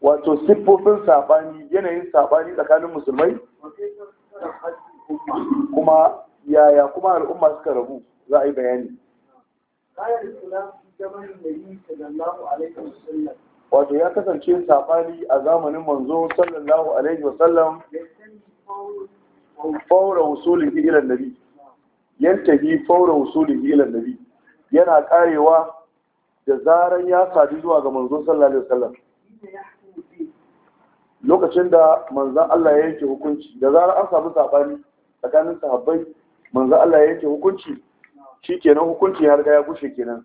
wato siffofin saɓani yanayin saɓani tsakanin musulmai kuma yaya kuma al'umma suka rabu za a yi bayani wato ya kasance safari a zamanin manzo sallallahu alaihi wa sallam faura usuli ila nabi yantahi faura usuli ila nabi yana karewa da zaran ya sadu zuwa ga manzo sallallahu alaihi wa sallam lokacin da manzan Allah ya yanke hukunci da zarar an samu sabani tsakanin sahabbai manzan Allah ya yanke hukunci shikenan hukunci har ga ya gushe kenan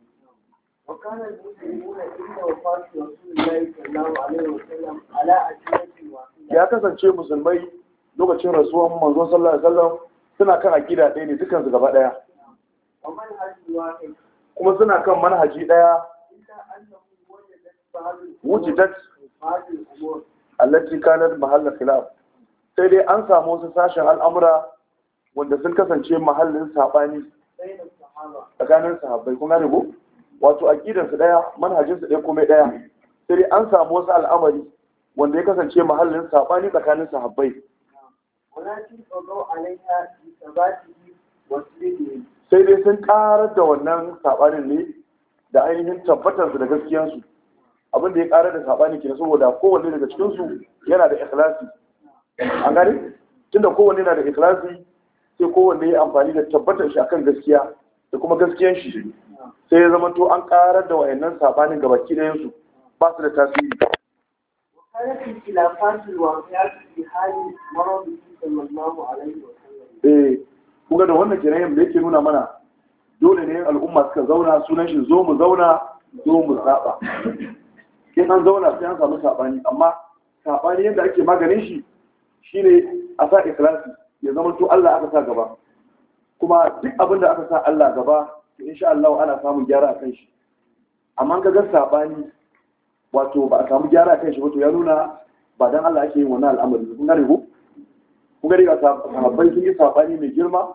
Ya kasance musulmai lokacin rasuwan manzon Sallar alaihi suna kan akida ɗaya ne dukansu gaba ɗaya kuma suna kan manhaji ɗaya wujidat allati kanat mahalla khilaf sai dai an samu wasu sashen al'amura wanda sun kasance mahallin saɓani tsakanin sahabbai kuma rigo wato aqidansu daya manhajinsu ɗaya komai daya sai dai an samu wasu al'amari wanda ya kasance mahallin sabani tsakanin sahabbai sai dai sun karar da wannan sabanin ne da ainihin tabbatarsu da gaskiyansu abin da ya karar da sabanin ke saboda kowanne daga cikinsu yana da ikhlasi an gani tunda kowanne yana da ikhlasi sai kowanne ya amfani da tabbatar shi akan gaskiya da kuma gaskiyan shi sai ya zama to an karar da wayannan sabanin ga baki da yansu ba su da tasiri eh kuga da wannan kenan da yake nuna mana dole ne al'umma suka zauna sunan shi zo mu zauna zo mu saba in an zauna sai an samu sabani amma sabani yadda ake maganin shi shine a sa ikhlasi ya zama to Allah aka sa gaba kuma duk abin da aka sa Allah gaba to insha Allah ana samun gyara a kan shi amma ga gan sabani wato ba a samu gyara a kan shi ba to ya nuna ba dan Allah ake yin wannan al'amari kun gare ku kun gane ga sahabbai kin yi sabani mai girma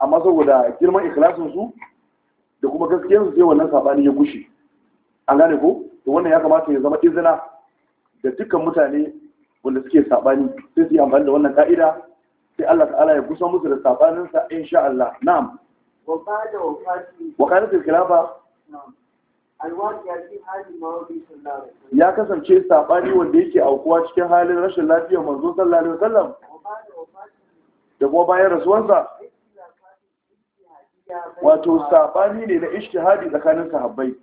amma saboda girman ikhlasin su da kuma gaskiyar su sai wannan sabani ya gushe an gane ko to wannan ya kamata ya zama izina da dukkan mutane wanda suke sabani sai su yi amfani da wannan ka'ida sai Allah ta'ala ya kusa musu da sabanin sa sha Allah na'am wakana da wafati ya kasance sabani wanda yake aukuwa cikin halin rashin lafiyar manzo sallallahu alaihi wasallam da kuma bayan rasuwarsa wato sabani ne na ishtihadi tsakanin sahabbai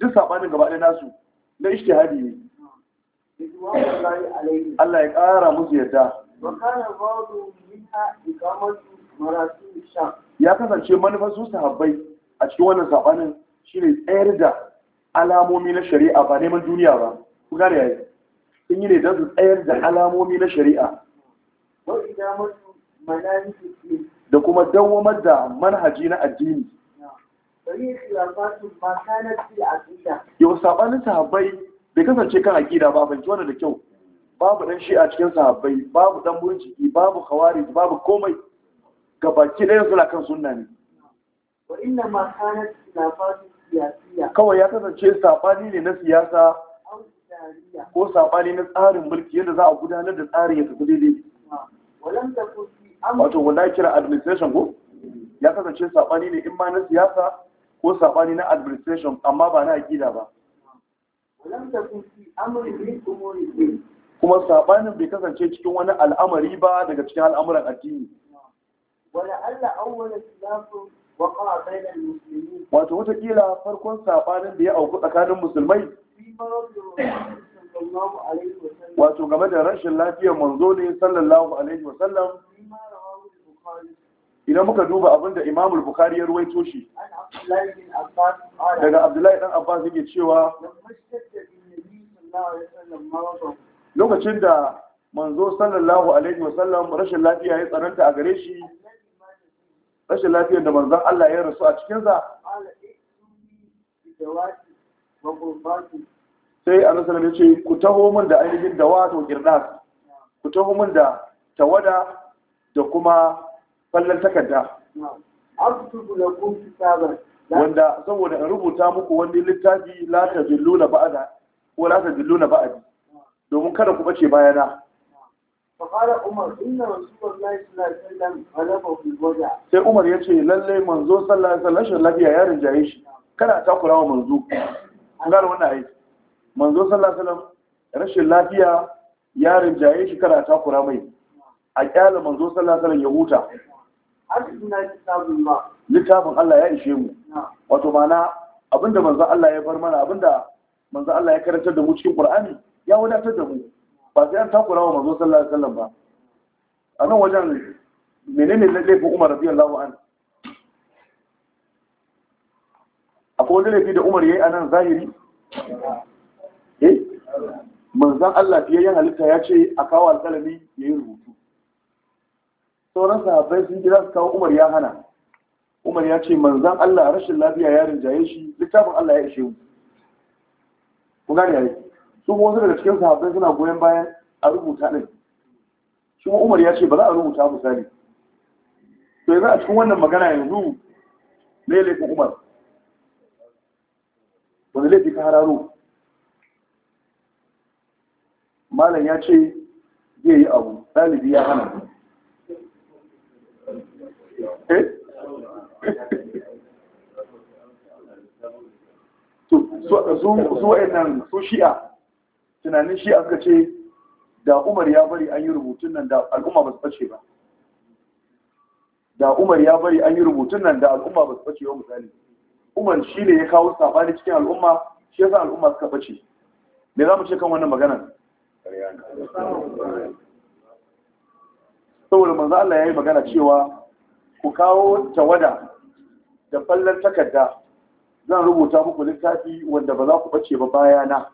duk sabanin gaba ɗaya nasu na ishtihadi ne Allah ya ƙara musu yadda ya kasance manufar su sahabbai a cikin wannan shi ne tsayar da alamomi na shari'a ba neman duniya ba ku gane yayi sun yi ne don su tsayar da alamomi na shari'a da kuma dawamar da manhaji na addini yau sabanin sahabbai bai kasance kan aƙida ba ban ji wanda da kyau babu dan shi a cikin sahabbai babu dan murjiki babu khawarij babu komai gabaki ɗaya suna kan sunna ne wa inna ma kanat khilafatu siyasiya kawai ya kasance sabani ne na siyasa ko sabani na tsarin mulki yadda za a gudanar da tsarin ya tafi daidai wato wanda kira administration ko ya kasance sabani ne in ma na siyasa ko sabani na administration amma ba na aqida ba kuma sabanin bai kasance cikin wani al'amari ba daga cikin al'amuran addini wala alla awwal islamu waqa bainal muslimin wato wata kila farkon sabanin da ya auku tsakanin musulmai wato game da rashin lafiyar manzo ne sallallahu alaihi wa sallam idan muka duba abinda da imam bukhari ya ruwaito shi daga abdullahi dan abbas yake cewa lokacin da manzo sallallahu alaihi wasallam rashin lafiya ya tsananta a gare shi rashin lafiyar da manzon Allah ya rasu a cikinsa sai an nasarar ya ce ku taho min da ainihin da wato ku taho min da tawada da kuma fallon takarda wanda saboda in rubuta muku wani littafi la ta jilluna ba'ada ko la ta jilluna ba'adi domin kada ku bace bayana فقال عمر Umar, رسول الله صلى الله عليه وسلم غلبه في sai Umar ya ce lalle manzo sallallahu alaihi wasallam shin lafiya ya rinjaye shi kada ta kula wa manzo an gane wannan ayi manzo sallallahu alaihi wasallam rashin lafiya ya rinjaye shi kada ta kula mai a kyala manzo sallallahu alaihi wasallam ya huta littafin Allah ya ishe mu wato mana abinda manzo Allah ya bar mana abinda manzo Allah ya karantar da mu cikin Qur'ani ya wadatar da mu ba sai an takura wa mazo sallallahu alaihi wasallam ba a nan wajen menene laifin Umar radiyallahu anhu akwai wani laifi da Umar yayi a nan zahiri eh manzan Allah fiye yan halitta ya ce a kawo ya yi rubutu sauran sahabbai sun kira su kawo Umar ya hana Umar ya ce manzan Allah rashin lafiya ya rinjaye shi littafin Allah ya ishe mu. Ku gane yi su wasu daga cikin sahabbai suna goyon bayan a rubuta ɗin shi umar ya ce ba za a rubuta misali to yanzu a cikin wannan magana yanzu yi laifin umar Wani laifi ka hararo malam ya ce zai yi abu ɗalibi ya hana eh? su wa'in nan su shi'a tunanin shi aka ce da umar ya bari an yi rubutun nan da al'umma ba su fashe ba da umar ya bari an yi rubutun nan da al'umma ba su fashe ba misali umar shi ne ya kawo sabani cikin al'umma shi yasa al'umma suka bace me za mu ce kan wannan magana saboda manzo Allah ya yi magana cewa ku kawo tawada da fallar takarda zan rubuta muku littafi wanda ba za ku bace ba bayana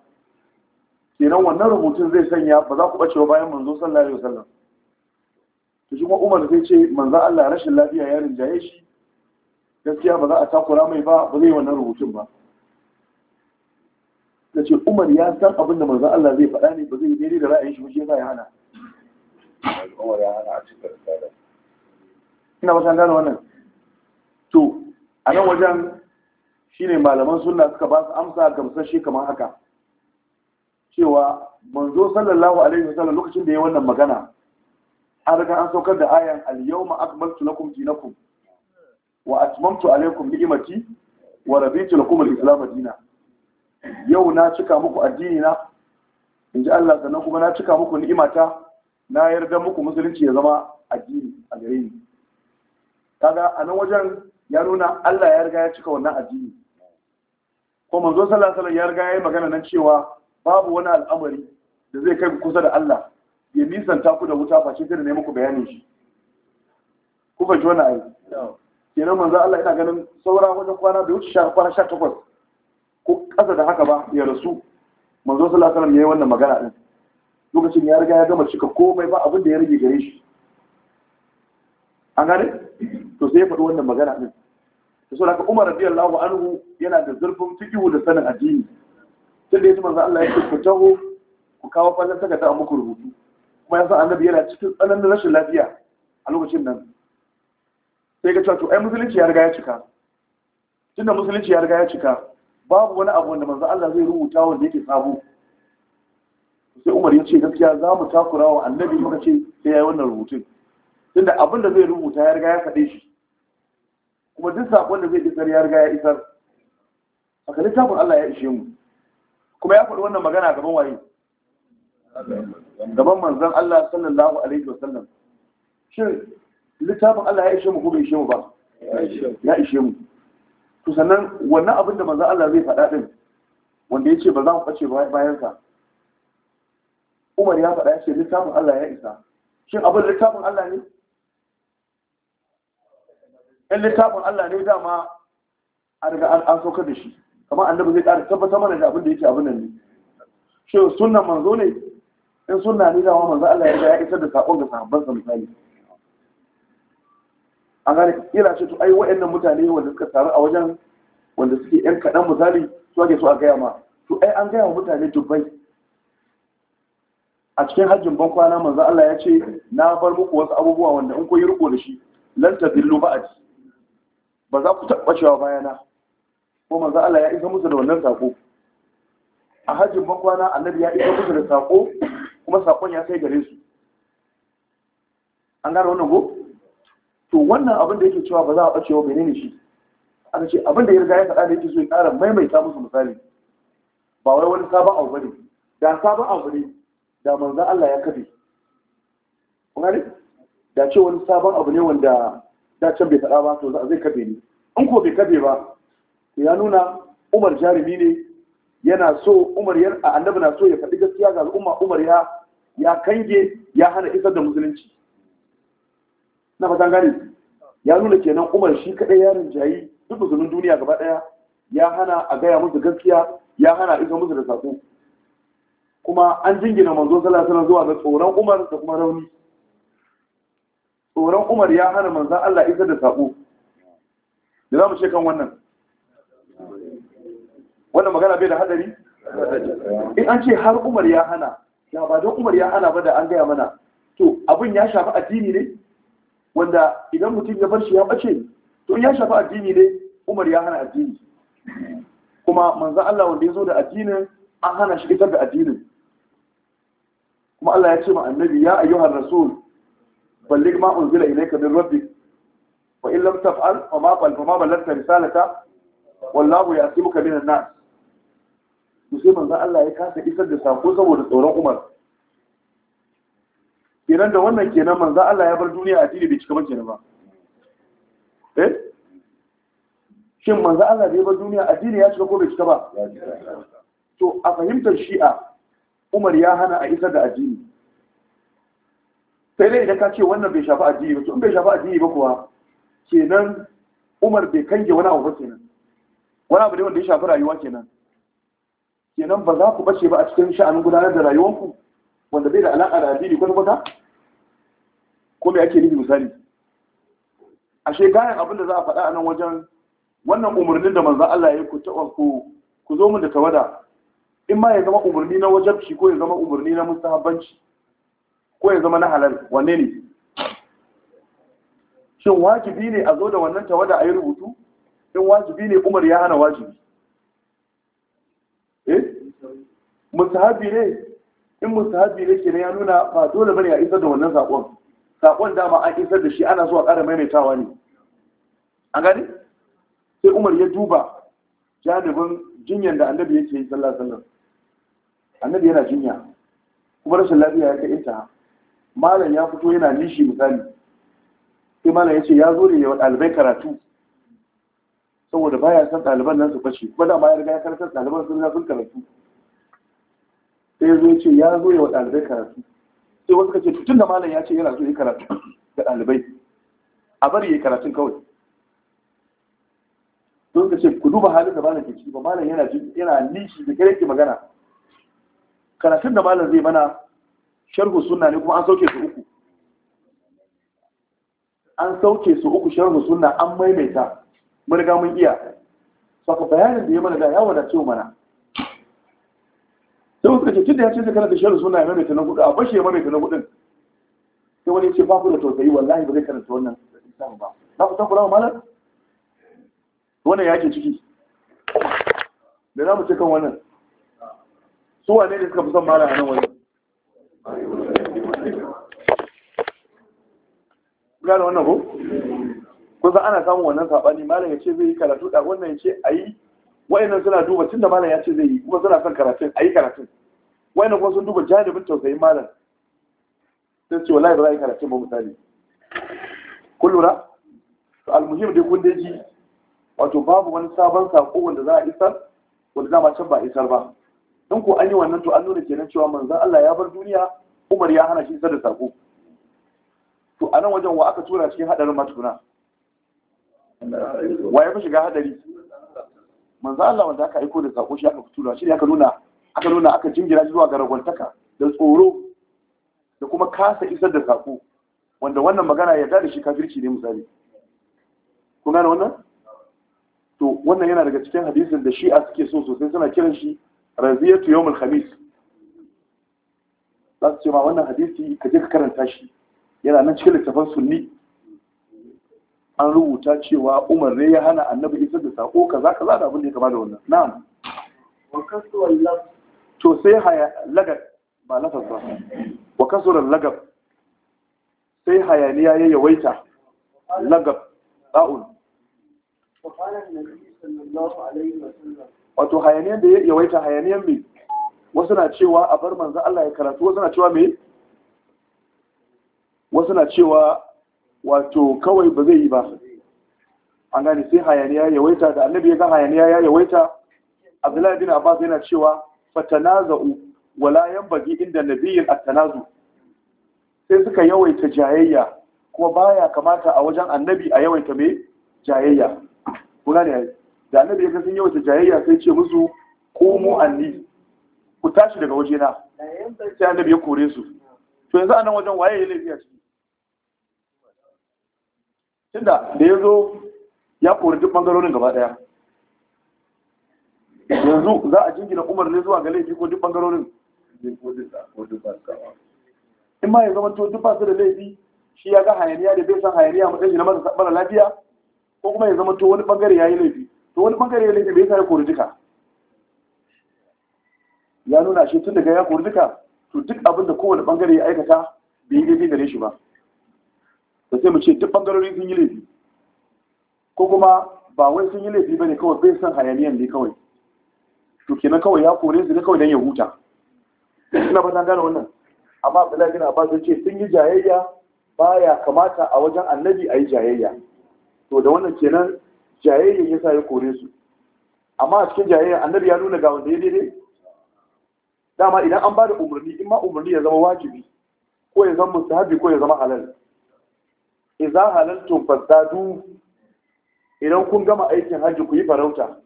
kenan wannan rubutun zai sanya ba za ku bacewa bayan manzo sallallahu alaihi wasallam to shi kuma Umar zai ce manzo Allah rashin lafiya ya rinjaye shi gaskiya ba za a takura mai ba ba zai wannan rubutun ba da ce Umar ya san abin da manzo Allah zai faɗa ne ba zai yi daidai da ra'ayin shi ba shi ya hana Umar ya hana a cikin ina ba san gane wannan to a nan wajen shine malaman sunna suka ba su amsa gamsashe kamar haka cewa manzo sallallahu alaihi wasallam lokacin da ya wannan magana an ga an saukar da ayan al-yawma akmaltu lakum dinakum wa atmamtu alaykum ni'mati wa raditu lakum al-islam dinan yau na cika muku addini na inji Allah sannan kuma na cika muku ni'imata na yarda muku musulunci ya zama addini a gare ni kaga a nan wajen ya nuna Allah ya riga ya cika wannan addini ko manzo sallallahu alaihi wasallam ya riga ya yi magana nan cewa babu wani al'amari da zai kai kusa da Allah ya nisanta ku da wuta face sai da ne muku bayanin shi ku fahimci wannan ayi kenan manzo Allah ina ganin saura wajen kwana da wuce kwana 18 ko Kasa da haka ba ya rasu manzo sallallahu alaihi wasallam yayi wannan magana din lokacin ya riga ya gama cika komai ba abin da ya rage gare shi an gane to sai ya faɗi wannan magana din to saboda haka Umar radiyallahu anhu yana da zurfin fiqhu da sanin addini sai da ya ji manzo Allah ya ce ku taho ku kawo kwallon takarda a muku rubutu kuma ya san annabi yana cikin tsananin rashin lafiya a lokacin nan sai ga cewa to ai musulunci ya riga ya cika tunda musulunci ya riga ya cika babu wani abu wanda manzo Allah zai rubuta wanda yake sabo sai Umar ya ce gaskiya za mu takura wa annabi muka ce sai yayi wannan rubutun tunda abin da zai rubuta ya riga ya faɗe shi kuma duk saƙon da zai isar ya riga ya isar a littafin Allah ya ishe mu kuma ya faɗi wannan magana gaban waye gaban manzon Allah sallallahu alaihi wasallam shin littafin Allah ya ishe mu ko bai ishe mu ba ya ishe mu to sannan wannan abin da manzon Allah zai faɗa din wanda ya ce ba za mu ɓace bayan sa Umar ya faɗa ya ce littafin Allah ya isa shin abin littafin Allah ne in littafin Allah ne dama an riga an saukar da shi kamar annabi zai kara tabbatar mana da abin da yake abin nan ne shi sunnan manzo ne in sunna ne dama manzo Allah ya ya isar da sakon ga sahabban sa misali a gane kila ce to ai waɗannan mutane wanda suka taru a wajen wanda suke yan kaɗan misali su ake so a gaya ma to ai an gaya wa mutane dubbai a cikin hajjin ban kwana manzo Allah ya ce na bar muku wasu abubuwa wanda in ku yi riko da shi lan tadillu ba'ad ba za ku taɓa cewa bayana ko manzo Allah ya isa musu da wannan sako a hajjin makwana annabi ya isa musu da sako kuma sakon ya kai gare su an gane wannan ko to wannan abin da yake cewa ba za a bacewa ne shi An ce abin da ya riga ya faɗa da yake so ya ƙara maimaita musu misali ba wai wani sabon abu bane da sabon abu ne da manzo Allah ya kafe kuma ne da ce wani sabon abu ne wanda da can bai faɗa ba to a zai kafe ne in ko bai kafe ba ya nuna umar jarumi ne yana so umar ya annabi na so ya faɗi gaskiya ga al'umma umar ya ya kange ya hana isar da musulunci na fatan gane ya nuna kenan umar shi kaɗai ya rinjayi duk musulmin duniya gaba ɗaya ya hana a gaya musu gaskiya ya hana isar musu da saƙo kuma an jingina manzo sallallahu alaihi zuwa ga tsoron umar da kuma rauni tsoron umar ya hana manzan allah isar da saƙo da za mu ce kan wannan wannan magana bai da hadari in an ce har umar ya hana ya ba don umar ya hana ba da an gaya mana to abin ya shafi addini ne wanda idan mutum ya bar shi ya bace to in ya shafi addini ne umar ya hana addini kuma manzan Allah wanda ya zo da addinin an hana shi fitar da addinin kuma Allah ya ce ma annabi ya ayyuhar rasul balligh ma unzila ilayka min rabbik wa in lam taf'al fa ma bal fa ma risalata wallahu ya'tibuka min an-nas to sai manzo Allah ya kasa isar da sako saboda tsoron Umar kenan da wannan kenan manza Allah ya bar duniya addini bai cika ba ba eh shin manza Allah da ya bar duniya addini ya cika ko bai cika ba to a fahimtar shi'a Umar ya hana a isar da addini sai dai idan ka ce wannan bai shafi addini ba to in bai shafi addini ba kuwa kenan Umar bai kange wani abu ba kenan wani abu ne wanda ya shafi rayuwa kenan kenan ba za ku bace ba a cikin sha'anin gudanar da rayuwanku wanda bai da alaƙa da addini kwata-kwata ko me ake nufi misali A gayan abin da za a faɗa a nan wajen wannan umarnin da manzan Allah ya yi ku taɓa ku ku zo mu da tawada in ma ya zama umarni na wajabci ko ya zama umarni na mustahabbanci ko ya zama na halal wanne ne shin wajibi ne a zo da wannan tawada a yi rubutu in wajibi ne umar ya hana wajibi musahabi ne in musahabi ne kenan ya nuna ba dole bane a isar da wannan sakon sakon dama an isar da shi ana so a ƙara maimaitawa ne an gani sai umar ya duba janibin jinyar da annabi yake yi sallallahu alaihi wasallam annabi yana jinya kuma rashin lafiya ya kai ita malam ya fito yana nishi misali sai malam ya ce ya zo ne ya ɗalibai karatu saboda baya san ɗaliban nan su fashe kuma da ma ya riga ya karkar ɗaliban sun sun karatu sai zo ce ya zo ya wa ɗalibai karatu sai wasu ka ce tutun da malam ya ce yana zo yi karatu ga ɗalibai a bari ya karatun kawai don ka ce ku duba halin da malam ke ciki ba malam yana yana nishi da kare ke magana karatun da malam zai mana sharhu sunna ne kuma an sauke su uku an sauke su uku sharhu sunna an maimaita mun riga mun iya saka bayanin da ya mana da ya wadace mana da ce tunda ya ce kana da shirin suna ya mamaita na hudu a bashi ya mamaita na hudun sai wani ce ba ku da tausayi wallahi ba zai karanta wannan littafin ba Na ku san kula malam wannan ya ke ciki da za mu ce kan wannan su wane ne suka fi son malam a nan wani gane wannan ko kusan ana samun wannan saɓani malam ya ce zai yi karatu da wannan ya ce a yi wa'annan suna duba tun da malam ya ce zai yi kuma suna son karatun a yi karatun wani kuma sun duba janibin tausayin malam sai ce wala ba za a yi karatun ba misali kun lura to almuhim dai kun daji wato babu wani sabon sako wanda za a isar wanda za a can ba isar ba in ko an yi wannan to an nuna kenan cewa manzan Allah ya bar duniya Umar ya hana shi isar da sako to a nan wajen wa aka tura cikin hadarin matuna wa ya fi shiga hadari manzan Allah wanda aka aiko da sako shi aka tura shi ne aka nuna aka nuna aka jingira zuwa ga ragwantaka da tsoro da kuma kasa isar da saƙo wanda wannan magana ya da shi kafirci ne misali kun gane wannan to wannan yana daga cikin hadisin da shi'a suke so sosai suna kiran shi raziyatu yawmul khamis za su ce ma wannan hadisi ka je ka karanta shi yana nan cikin littafin sunni an rubuta cewa umar ne ya hana annabi isar da sako kaza kaza da abin da ya kama da wannan na'am wa kasu wallahi to sai haya lagab ba lafaz ba wa kasura lagab sai hayaniya ya yawaita lagab ba'ul wato hayaniyan da ya yawaita hayaniyan mai wasu na cewa a bar manzan Allah ya karatu wasu na cewa mai wasu na cewa wato kawai ba zai yi ba an gani sai hayaniya ya yawaita da annabi ya ga hayaniya ya yawaita abdullahi bin abbas yana cewa fatanaza'u wala yanbaghi inda nabiyyin at-tanazu sai suka yawaita jayayya kuma baya kamata a wajen annabi a yawaita mai jayayya kuna ne da annabi ya sun yawaita jayayya sai ce musu komo anni ku tashi daga waje na sai annabi ya kore su to yanzu anan wajen waye ya laifi shi? tunda da ya zo ya kori duk bangarorin gaba daya yanzu za a jingina umar ne zuwa ga laifi ko duk bangarorin in ma ya zama to duk basu da laifi shi ya ga hayaniya da bai san hayaniya mu shi na sabbara lafiya ko kuma ya zama to wani bangare ya yi laifi to wani bangare ya laifi bai sa ya kori duka ya nuna shi tun daga ya kori duka to duk abin da kowane bangare ya aikata bai yi laifi gare shi ba da sai mu ce duk bangarorin sun yi laifi ko kuma ba wai sun yi laifi ba ne kawai bai san hayaniyan ne kawai to kenan kawai ya kore su ne kawai don ya huta ina ba gane wannan amma abdullahi bin abbas ya ce sun yi jayayya ba ya kamata a wajen annabi a yi jayayya to da wannan kenan jayayya ya sa ya kore su amma a cikin jayayya annabi ya nuna ga wanda ya daidai dama idan an ba da umarni in ma umarni ya zama wajibi ko ya zama mustahabi ko ya zama halal idza halaltum fasadu idan kun gama aikin hajji ku yi farauta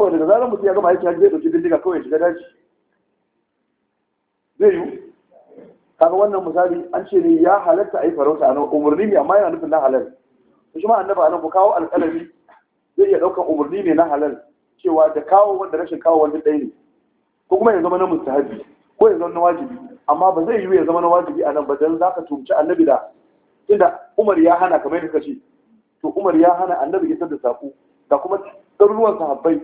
kawai daga zarar mutum ya gama aiki hajji zai ɗauki bindiga kawai shiga daji zai yiwu kaga wannan misali an ce ne ya halatta a yi farauta a nan umarni ne amma yana nufin na halal shi ma annaba nan ku kawo alƙalami zai iya ɗaukar umarni ne na halal cewa da kawo wanda rashin kawo wanda ɗaya ne ko kuma ya zama na mustahabi ko ya zama na wajibi amma ba zai yiwu ya zama na wajibi a nan ba don za ka tumci annabi da tunda Umar ya hana kamar yadda kace to Umar ya hana annabi isar da saƙo da kuma ɗaruruwan sahabbai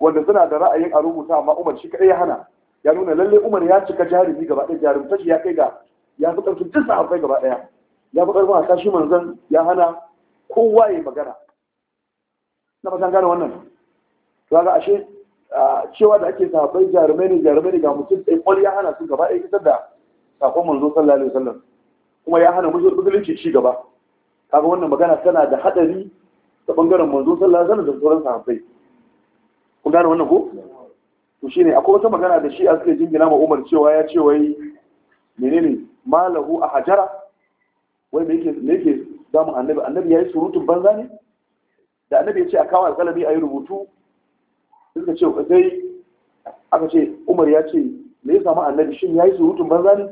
wanda suna da ra'ayin a rubuta amma Umar shi kaɗai ya hana ya nuna lalle Umar ya cika jarumi gaba ɗaya jarumta shi ya kai ga ya fi ƙarfin duk sa'a gaba ɗaya ya fi ƙarfin a kashi zan ya hana kowa ya magana na fasan gane wannan ga ashe cewa da ake sahabbai jarumai ne jarumai ne ga mutum ɗaya ƙwal ya hana su gaba ɗaya fitar da sakon manzo sallallahu alaihi wasallam kuma ya hana musulunci ci gaba kaga wannan magana tana da haɗari ta ɓangaren manzo sallallahu alaihi wasallam da sauran sahabbai kun gane wannan ko to shine akwai wata magana da shi a suke jingina ma Umar cewa ya ce wai menene malahu a hajara wai me yake me yake mu annabi annabi yayi surutun banza ne da annabi ya ce a kawo alƙalami a yi rubutu suka ce sai aka ce Umar ya ce me ya samu annabi shin yayi surutun banza ne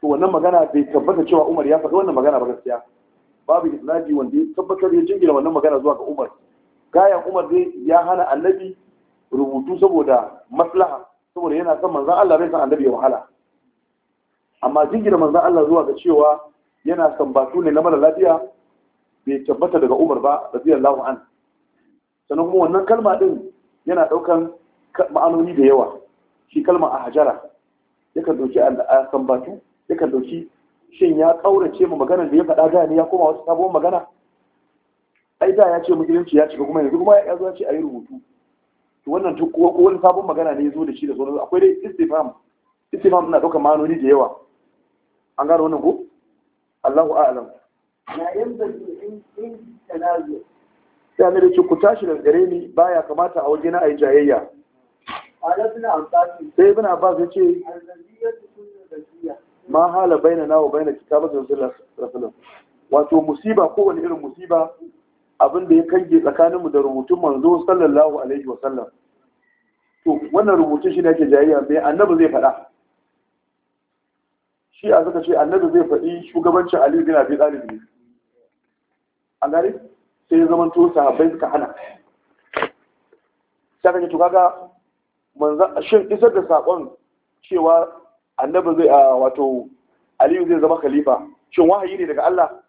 to wannan magana bai tabbata cewa Umar ya faɗi wannan magana ba gaskiya babu isnadi wanda ya tabbatar ya jingina wannan magana zuwa ga Umar gayan Umar dai ya hana annabi rubutu saboda maslaha saboda yana son manzan Allah bai san annabi ya wahala amma jingina manzan Allah zuwa ga cewa yana son batu ne na mara lafiya bai tabbata daga Umar ba radiyallahu an Sanan kuma wannan kalma din yana daukan ma'anoni da yawa shi kalma a hajara yakan dauki a batu yakan dauki shin ya kaurace mu maganar da ya faɗa da ne ya koma wata sabuwar magana ai da ya ce musulunci ya cika kuma yanzu kuma ya zo ya ce a yi rubutu to wannan duk ko wani sabon magana ne zo da shi da sauransu akwai dai istifam istifam na daukar ma'anoni da yawa an gano wannan ko Allahu a'lam la yanbaghi in in tanazu sai ne ce ku tashi da gare ni baya kamata a waje na ayi jayayya sai ibn abbas ya ce ma hala baina na wa baina kitabatin rasulullah wato musiba kowane irin musiba abin da ya kange tsakaninmu da rubutun manzo sallallahu alaihi wa sallam to wannan rubutun shi ne ake jayayya bai annabi zai faɗa shi a suka ce annabi zai faɗi shugabancin ali bin abi talib ne an gare? sai ya zama to sahabbai suka hana sai ne to kaga manzo shin isar da sakon cewa annabi zai wato ali zai zama khalifa shin wahayi ne daga Allah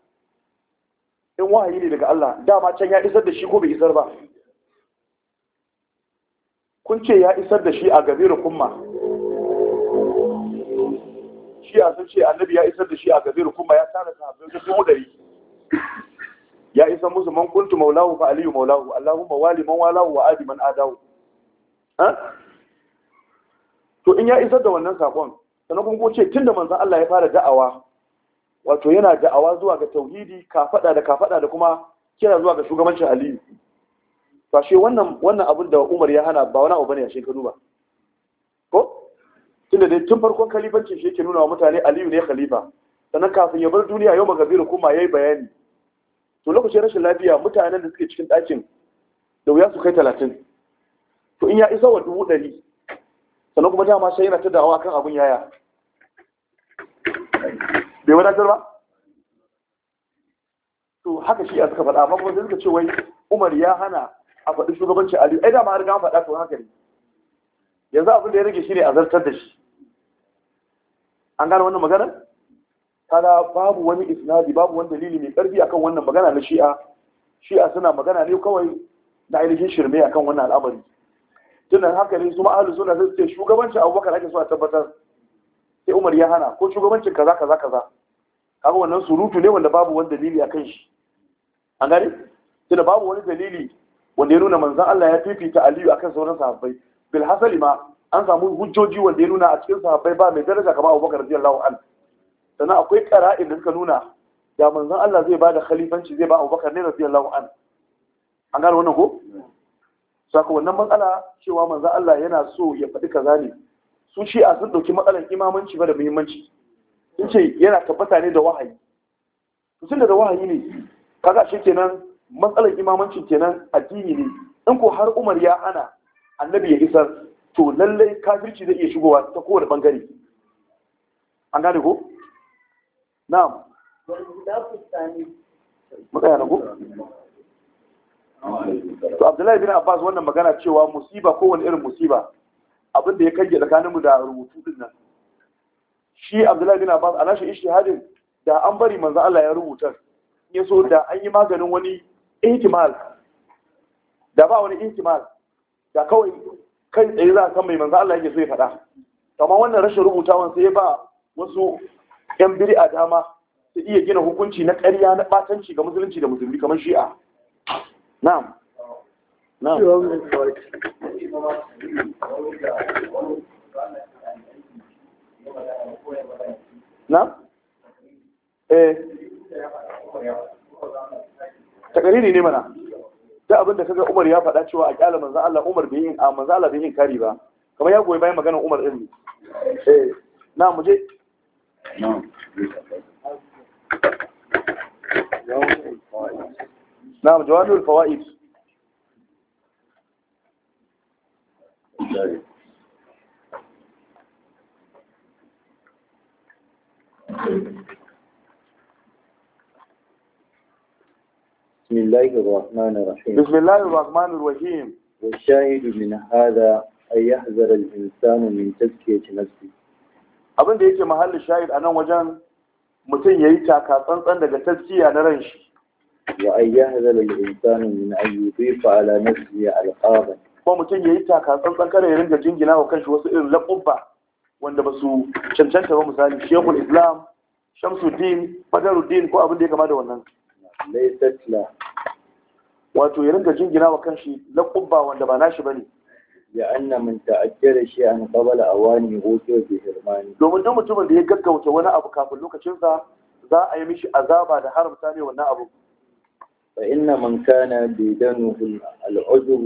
in wahayi ne daga Allah dama can ya isar da shi ko bai isar ba kun ce ya isar da shi a da kuma shi a sun ce annabi ya isar da shi a da kuma ya tara abin da dubu dari ya isar musu man kuntu maulahu fa aliyu maulahu allahumma wali man walahu wa adi man adahu to in ya isar da wannan sakon sannan kun ce tunda manzon Allah ya fara da'awa wato yana da'awa zuwa ga tauhidi kafada da ka kafada da kuma kira zuwa ga shugabancin aliyu to wannan wannan abin da umar ya hana ba wani abu bane ashe ka ba ko tunda dai tun farkon khalifanci shi yake nuna wa mutane aliyu ne khalifa sannan kafin ya bar duniya yau magabiru kuma yayi bayani to lokacin rashin lafiya mutanen da suke cikin ɗakin da wuya su kai talatin to in ya isa wa dubu ɗari sannan kuma dama sai yana ta da'awa kan abin yaya bai wadatar ba to haka shi a suka faɗa amma kuma sai suka ce wai Umar ya hana a faɗi shugabancin Aliyu. ai da ma riga faɗa to haka ne yanzu abin da ya rage shine a zartar da shi an gane wannan magana kada babu wani isnadi babu wani dalili mai karfi akan wannan magana na shi'a shi'a suna magana ne kawai na ainihin shirme akan wannan al'amari tunan haka ne su ma'alu suna sai shugabancin abubakar ake so a tabbatar sai umar ya hana ko shugabancin kaza kaza kaza kaga wannan surutu ne wanda babu wani dalili a kan shi an gane tunda babu wani dalili wanda ya nuna manzon Allah ya fifita Aliyu akan sauran sahabbai bil hasali ma an samu hujjoji wanda ya nuna a cikin sahabbai ba mai daraja kamar Abubakar radiyallahu anhu sannan akwai qara'in da suka nuna da manzon Allah zai bada khalifanci zai ba Abubakar ne radiyallahu anhu an gane wannan ko sako wannan matsala cewa manzon Allah yana so ya faɗi kaza ne su shi'a sun ɗauki matsalar imamanci ba da muhimmanci sun ce yana tabbata ne da wahayi sun da wahayi ne kaga shi kenan matsalar imamanci kenan addini ne in ko har umar ya ana annabi ya isar to lallai kafirci zai iya shigowa ta kowane bangare an gane ko na'am matsaya na ko to abdullahi bin abbas wannan magana cewa musiba kowane irin musiba abin da ya kange tsakaninmu da rubutu din nan shi abdullahi bin abbas a nashi ishtihadin da an bari manzo Allah ya rubuta ya so da an yi maganin wani ihtimal da ba wani ihtimal da kawai kai tsaye za a mai manzo Allah yake so ya faɗa amma wannan rashin rubutawan sai ba wasu yan bid'a dama su iya gina hukunci na ƙarya na batanci ga musulunci da musulmi kamar shi'a na'am na'am eh takariri ne mana ta abinda kaga Umar ya faɗa cewa a ƙyala manzan Allah Umar bai yin a manzan Allah bai yin kari ba kamar ya goyi bayan maganin Umar ne. eh na muje na jawabul fawaid الله الرحمن الرحيم بسم الله الرحمن الرحيم والشاهد من هذا أن يحذر الإنسان من تزكية نفسه abin da yake mahallin shahid a nan wajen mutum ya yi taka tsantsan daga taskiya na ran shi wa an yahzar al-insan min an yudifa ala nafsihi alqaba ko mutum ya yi taka tsantsan kare ya ringa jingina wa kanshi wasu irin laqabba wanda ba su cancanta ba misali shekul islam shamsuddin fadaruddin ko abin da ya kama da wannan laysat la wato ya ringa jingina wa kanshi ƙubba wanda ba nashi bane ya anna min shi an qabla awani hukiya bi hirmani domin duk mutumin da ya gaggauta wani abu kafin lokacin sa za a yi mishi azaba da haramta ne wannan abu fa inna man kana bi danuhu al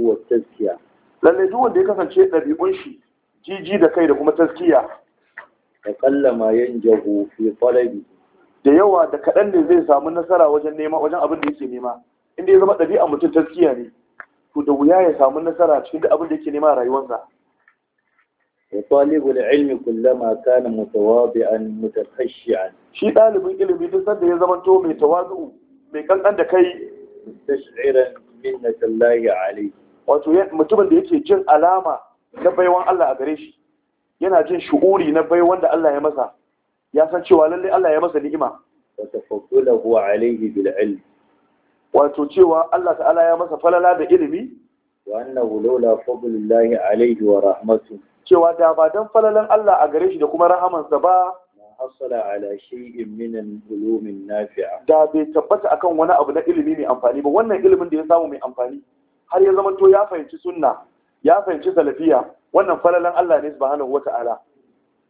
wa tazkiya lalle duk wanda ya kasance dabi'un shi jiji da kai da kuma taskiya. da kallama yanjahu fi talabi da yawa da kaɗan ne zai samu nasara wajen wajen abin da yake nema inda ya zama ɗabi'a mutum taskiya ne to da wuya ya samu nasara cikin duk abin da yake nema a rayuwarsa ya talibul ilmi kullama kana mutawadi'an mutakhashi'an shi ɗalibin ilimi duk sanda ya zama to mai tawazu mai kankan da kai tashiran minnatullahi alayhi wato mutumin da yake jin alama na baiwan Allah a gare shi yana jin shu'uri na baiwan da Allah ya masa ya san cewa lallai Allah ya masa ni'ima wa tafaddalahu alayhi bil ilm wato cewa Allah ta'ala ya masa falala da ilimi Wannan annahu laula fadlullahi alayhi wa rahmatu cewa da ba dan falalan Allah a gare shi da kuma rahamansa ba hasala ala shay'in min al-ulum nafia da bai tabbata akan wani abu na ilimi mai amfani ba wannan ilimin da ya samu mai amfani har ya zama to ya fahimci sunna ya fahimci salafiya wannan falalan Allah ne subhanahu wata'ala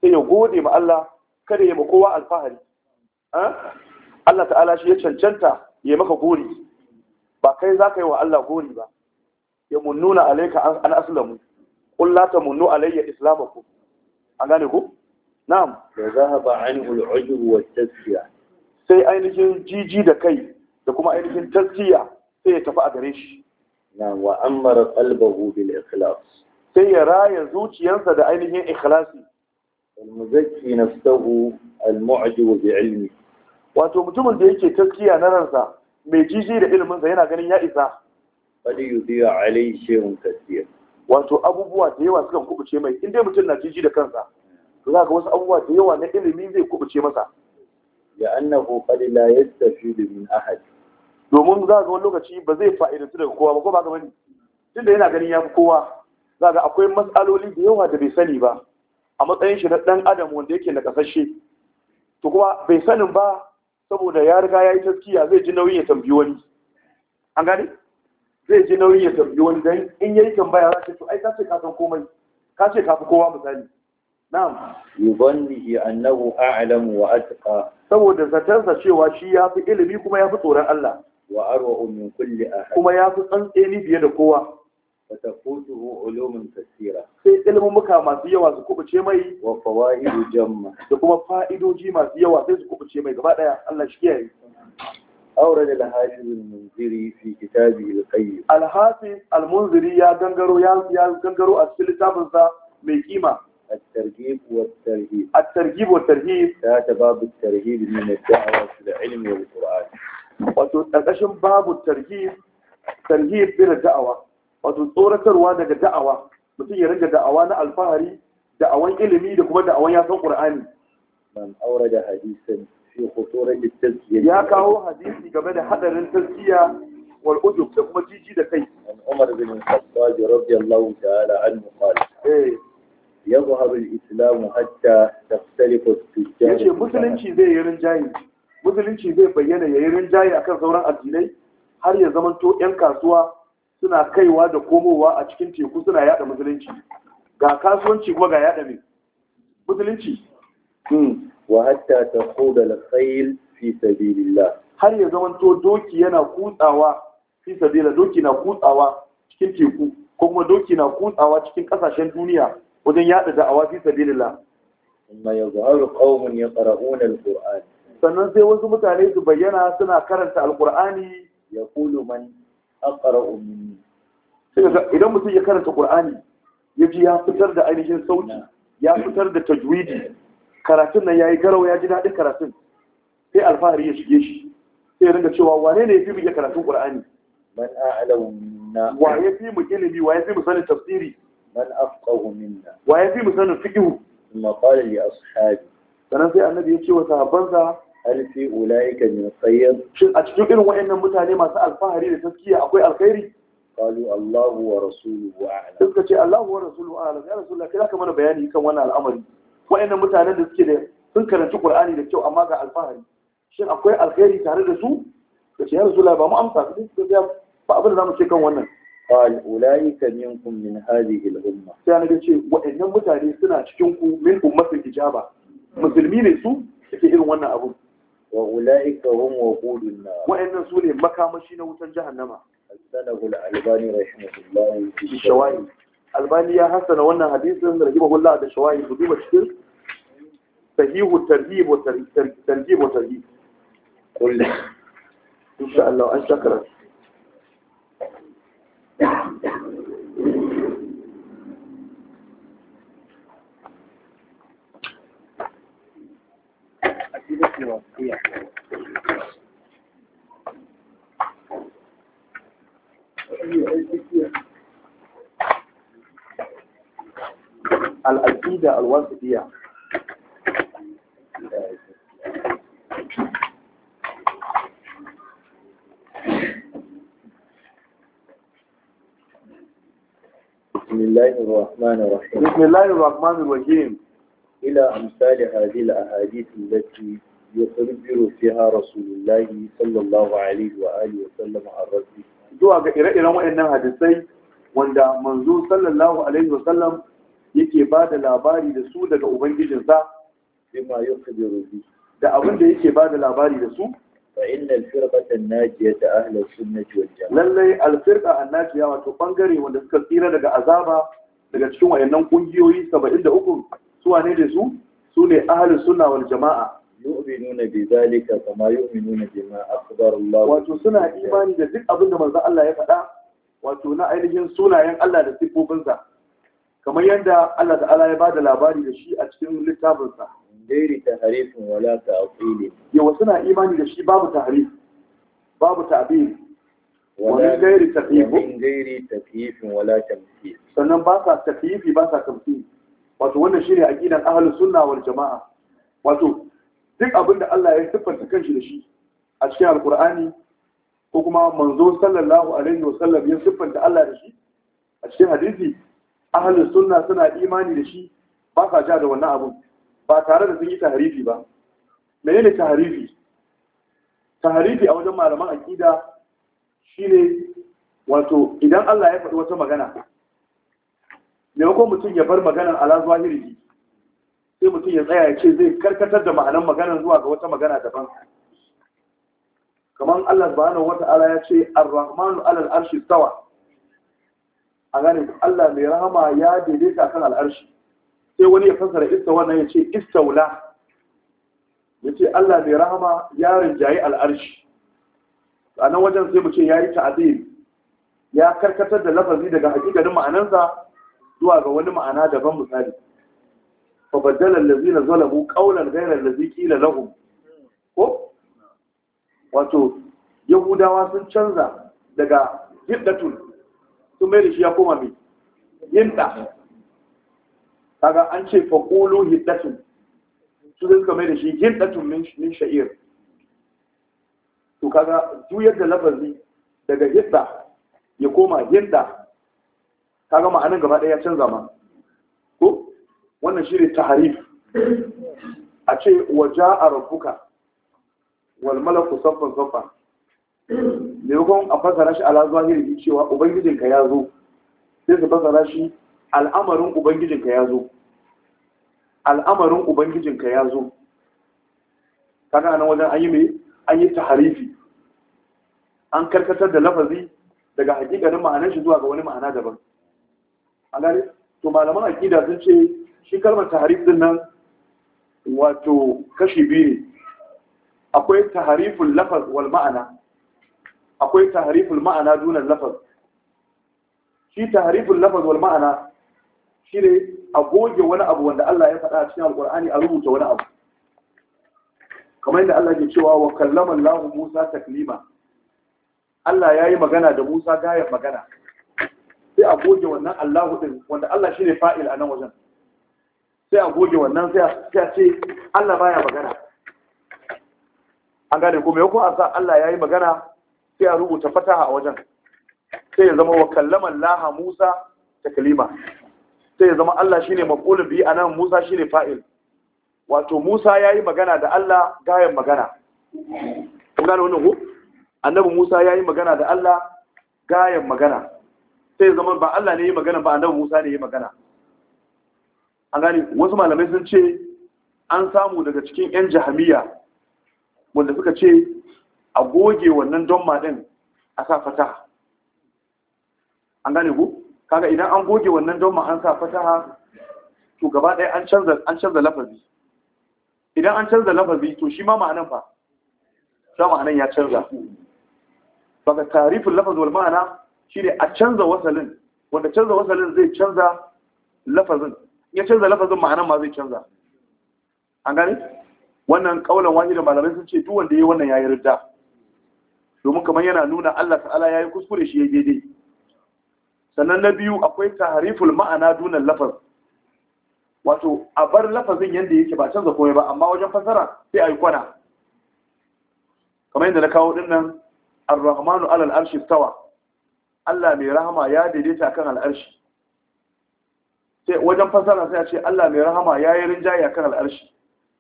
sai ya gode ma Allah kada ya ma kowa alfahari ah? Allah ta'ala shi ya cancanta ya maka gori ba kai za ka yi wa Allah gori ba ya munnuna alaika an aslamu qul la tamunnu alayya ku, an gane ku na'am da zahaba anhu al-ujub wa tasfiya sai ainihin jiji da kai da kuma ainihin tasfiya sai ya tafi a gare shi na'am wa mara qalbahu bil ikhlas sai ya raya zuciyarsa da ainihin ikhlasi al-muzakki sahu al-mu'jib bi ilmi wato mutumin da yake taskiya na ransa mai jiji da iliminsa yana ganin ya isa wani yuziya alayi shehun kasiyar wato abubuwa da yawa sukan kubuce mai in dai mutum na jiji da kansa to za ga wasu abubuwa da yawa na ilimi zai kubuce masa ya annahu ya tafi yastafidu min ahad domin za ga wani lokaci ba zai fa'idantu daga kowa ba ko ba ga bane tunda yana ganin ya fi kowa za ka akwai matsaloli da yawa da bai sani ba a matsayin shi na dan adam wanda yake na kasashe to kuma bai sanin ba saboda ya riga ya yi taskiya zai ji nauyin ya tambayi wani an gane zai ji nauyin ya tambayi wani dan in yayi tambaya za ka so. ai ka ce ka san komai ka ce ka fi kowa misali na'am yubannihi annahu a'lamu wa atqa saboda sa cewa shi ya fi ilimi kuma ya fi tsoron Allah wa arwa min kulli ahad kuma ya fi tsantseni fiye da kowa فتفوته علوم كثيرة sai ilmumuka masu yawa su kubuce mai wa fawaidu jamma da kuma fa'idoji masu yawa sai su kubuce mai gaba daya Allah shi kiyaye أورد الحافظ المنذري في كتابه القيم الحافظ المنذري يا جنجرو يا يا جنجرو أسئلة تابنسا ميكيما الترغيب والترهيب الترغيب والترهيب ذات باب الترهيب من الدعوة إلى العلم والقرآن وتتقشم باب الترهيب ترهيب إلى الدعوة wato tsoratarwa daga da'awa mutum ya ringa da'awa na alfahari da'awan ilimi da kuma da'awan ya san qur'ani man da hadisin shi ko at tafsiri ya kawo hadisi game da hadarin tazkiya wal ujub da kuma jiji da kai umar bin khattab radiyallahu ta'ala anhu qala eh yadhhabu al-islam hatta taftalifu at-tijara yace musulunci zai yi rinjayi musulunci zai bayyana yayin rinjaye akan sauran addinai har ya zamanto yan kasuwa suna kaiwa da komowa a cikin teku suna yada musulunci ga kasuwanci kuma ga yada mai musulunci hmm. wa hatta ta koda lafail fi sabilillah har ya to doki yana kutsawa fi sabila, doki na kutsawa cikin teku ko kuma doki na kutsawa cikin kasashen duniya wajen yada da'awa fi sabilillah amma yazharu ya yaqra'una alquran sannan sai wasu mutane su bayyana suna karanta alqur'ani yaqulu man aqra'u min idan mutum ya karanta qur'ani ya ji ya fitar da ainihin sauti ya fitar da tajwidi karatun nan ya yi garau ya ji daɗin karatun sai alfahari ya shige shi sai ya ringa cewa wane ne ya fi mu karatun qur'ani wa ya fi mu ilimi wa ya fi mu sanin tafsiri wa ya fi mu sanin fiqh Sannan sai annabi ya ce wa sahabbansa hal fi ulaika min khayr shin a cikin irin wa'annan mutane masu alfahari da taskiya akwai alkhairi qalu Allahu wa rasuluhu a'lam suka ce Allahu wa rasuluhu a'lam ya rasulullahi kai zaka mana bayani kan wannan al'amari wayannan mutanen da suke da sun karanci Qur'ani da kyau amma ga alfahari shin akwai alkhairi tare da su ka ya rasulullahi ba mu amsa su suka ba abin da zamu ce kan wannan qal ulaika minkum min hadhihi al-umma sai annabi ce wayannan mutane suna cikin ku min ummatil ijaba musulmi ne su suke irin wannan abu wa ulaika hum waqudun nar wayannan su ne makamashi na wutan jahannama حسنه الألباني رحمه الله في الشوائب الألباني يا حسن وانا حديث رحمه الله ده شوائب بدون مشكل صحيح الترهيب والترجيب والترهيب قل إن شاء الله أن شكرا Thank you. الأكيدة الواسطية بسم الله الرحمن الرحيم بسم الله الرحمن الرحيم إلى أمثال هذه الأحاديث التي يخبر فيها رسول الله صلى الله عليه وآله وسلم عن ربه zuwa ga ire-iren waɗannan hadisai wanda صلى الله عليه وسلم yake ba da labari da su daga ubangijinsa bima yukhbiru bi da abin da yake ba da labari da su fa inna al-firqata an-najiyata ahlus sunnati wal jamaa Lallai, al-firqa an-najiya wato bangare wanda suka tsira daga azaba daga cikin wayannan kungiyoyi 73 su wane da su su ne ahlus sunna wal jamaa yu'minuna bi zalika kama yu'minuna bima akhbara Allah wato suna imani da duk abin da manzo Allah ya faɗa wato na ainihin sunayen Allah da sifofinsa kamar yadda Allah ta'ala ya bada labari da shi a cikin littafinsa gairi harifin wala ta'qili yawa suna imani da shi babu taharif babu ta'bil wala gairi takyif gairi takyif wala tamthil sannan ba sa takyifi ba sa tamthil wato wannan shine aqidan ahlus sunna wal jamaa wato duk abinda Allah ya siffanta kanshi da shi a cikin alqur'ani ko kuma manzo sallallahu alaihi wasallam ya siffanta Allah da shi a cikin hadisi ahalin sunna suna imani da shi ba ka ja da wannan abu ba tare da sun yi taharifi ba mene ne taharifi taharifi a wajen malaman aƙida shine wato idan Allah ya faɗi wata magana maimakon mutum ya bar maganar ala zahiri sai mutum ya tsaya ya ce zai karkatar da ma'anar maganar zuwa ga wata magana daban kamar Allah subhanahu ala ya ce al rahmanu alal arshi stawa a gane Allah mai rahama ya daidaita kan al'arshi sai wani ya fassara ista wannan ya ce istaula ya ce Allah mai rahama ya rinjaye al'arshi a nan wajen sai mu ce ya yi ta'adil ya karkatar da lafazi daga hakikanin ma'anansa zuwa ga wani ma'ana daban misali fa baddala allazina zalamu qawlan ghayra allazi qila lahum ko wato yahudawa sun canza daga hiddatul sun shi ya koma mai yinta kaga an ce faƙulu hiddatun su zai suka da shi hiddatun min sha'ir to kaga juyar da lafazi daga hidda ya koma hidda kaga ma'anin gaba ɗaya canza ma ko wannan shi ne taharif a ce waja a rabbuka wal malaku saffan saffan maimakon a fasara shi ala zahiri cewa ubangijinka ya zo sai su fasara shi al'amarin ubangijinka ya zo al'amarin ubangijinka ya zo kaga nan wajen an yi mai an yi taharifi an karkatar da lafazi daga hakikanin ma'anar shi zuwa ga wani ma'ana daban a gane to malaman akida sun ce shi kalmar taharif din nan wato kashi biyu ne akwai tahariful lafaz wal ma'ana akwai tahariful ma'ana dunan lafaz shi tahariful lafaz wal ma'ana shine a goge wani abu wanda Allah ya faɗa a cikin alqur'ani a rubuta wani abu kamar yadda Allah ke cewa wa kallama Allah Musa taklima Allah yayi magana da Musa gayar magana sai a goge wannan Allah din wanda Allah shine fa'il a nan wajen sai a goge wannan sai a ce Allah baya magana an gane ko me ko a sa Allah yayi magana sai a rubuta fataha a wajen sai ya zama wa kallaman laha musa ta kalima sai ya zama allah shine mafulin biyu a nan musa shine fa'il wato musa ya yi magana da allah gayan magana Ɗan gane wannan ku annabi musa ya yi magana da allah gayan magana sai ya zama ba allah ne yi magana ba annabi musa ne yi magana an gani, wasu malamai sun ce an samu daga cikin 'yan jahamiya wanda suka ce a goge wannan domma din a sa fataha an gane ku kaga idan an goge wannan ma an sa fataha to gaba ɗaya an canza an canza lafazi idan an canza lafazi to shi ma ma'anan fa sa ma'anan ya canza baka tarifin lafaz wal ma'ana shine a canza wasalin wanda canza wasalin zai canza lafazin ya canza lafazin ma'anan ma zai canza an gane wannan kaulan wahida da malamai sun ce duk wanda yayi wannan ya yi ridda domin kamar yana nuna Allah ta'ala ya yi kuskure shi ya daidai sannan na biyu akwai tahariful ma'ana dunan lafaz wato a bar lafazin yadda yake ba canza komai ba amma wajen fasara sai a yi kwana kamar yadda na kawo dinnan ar-rahmanu alal arshi tawa Allah mai rahama ya daidaita kan al'arshi sai wajen fasara sai a ce Allah mai rahama ya yi rinjaye kan al'arshi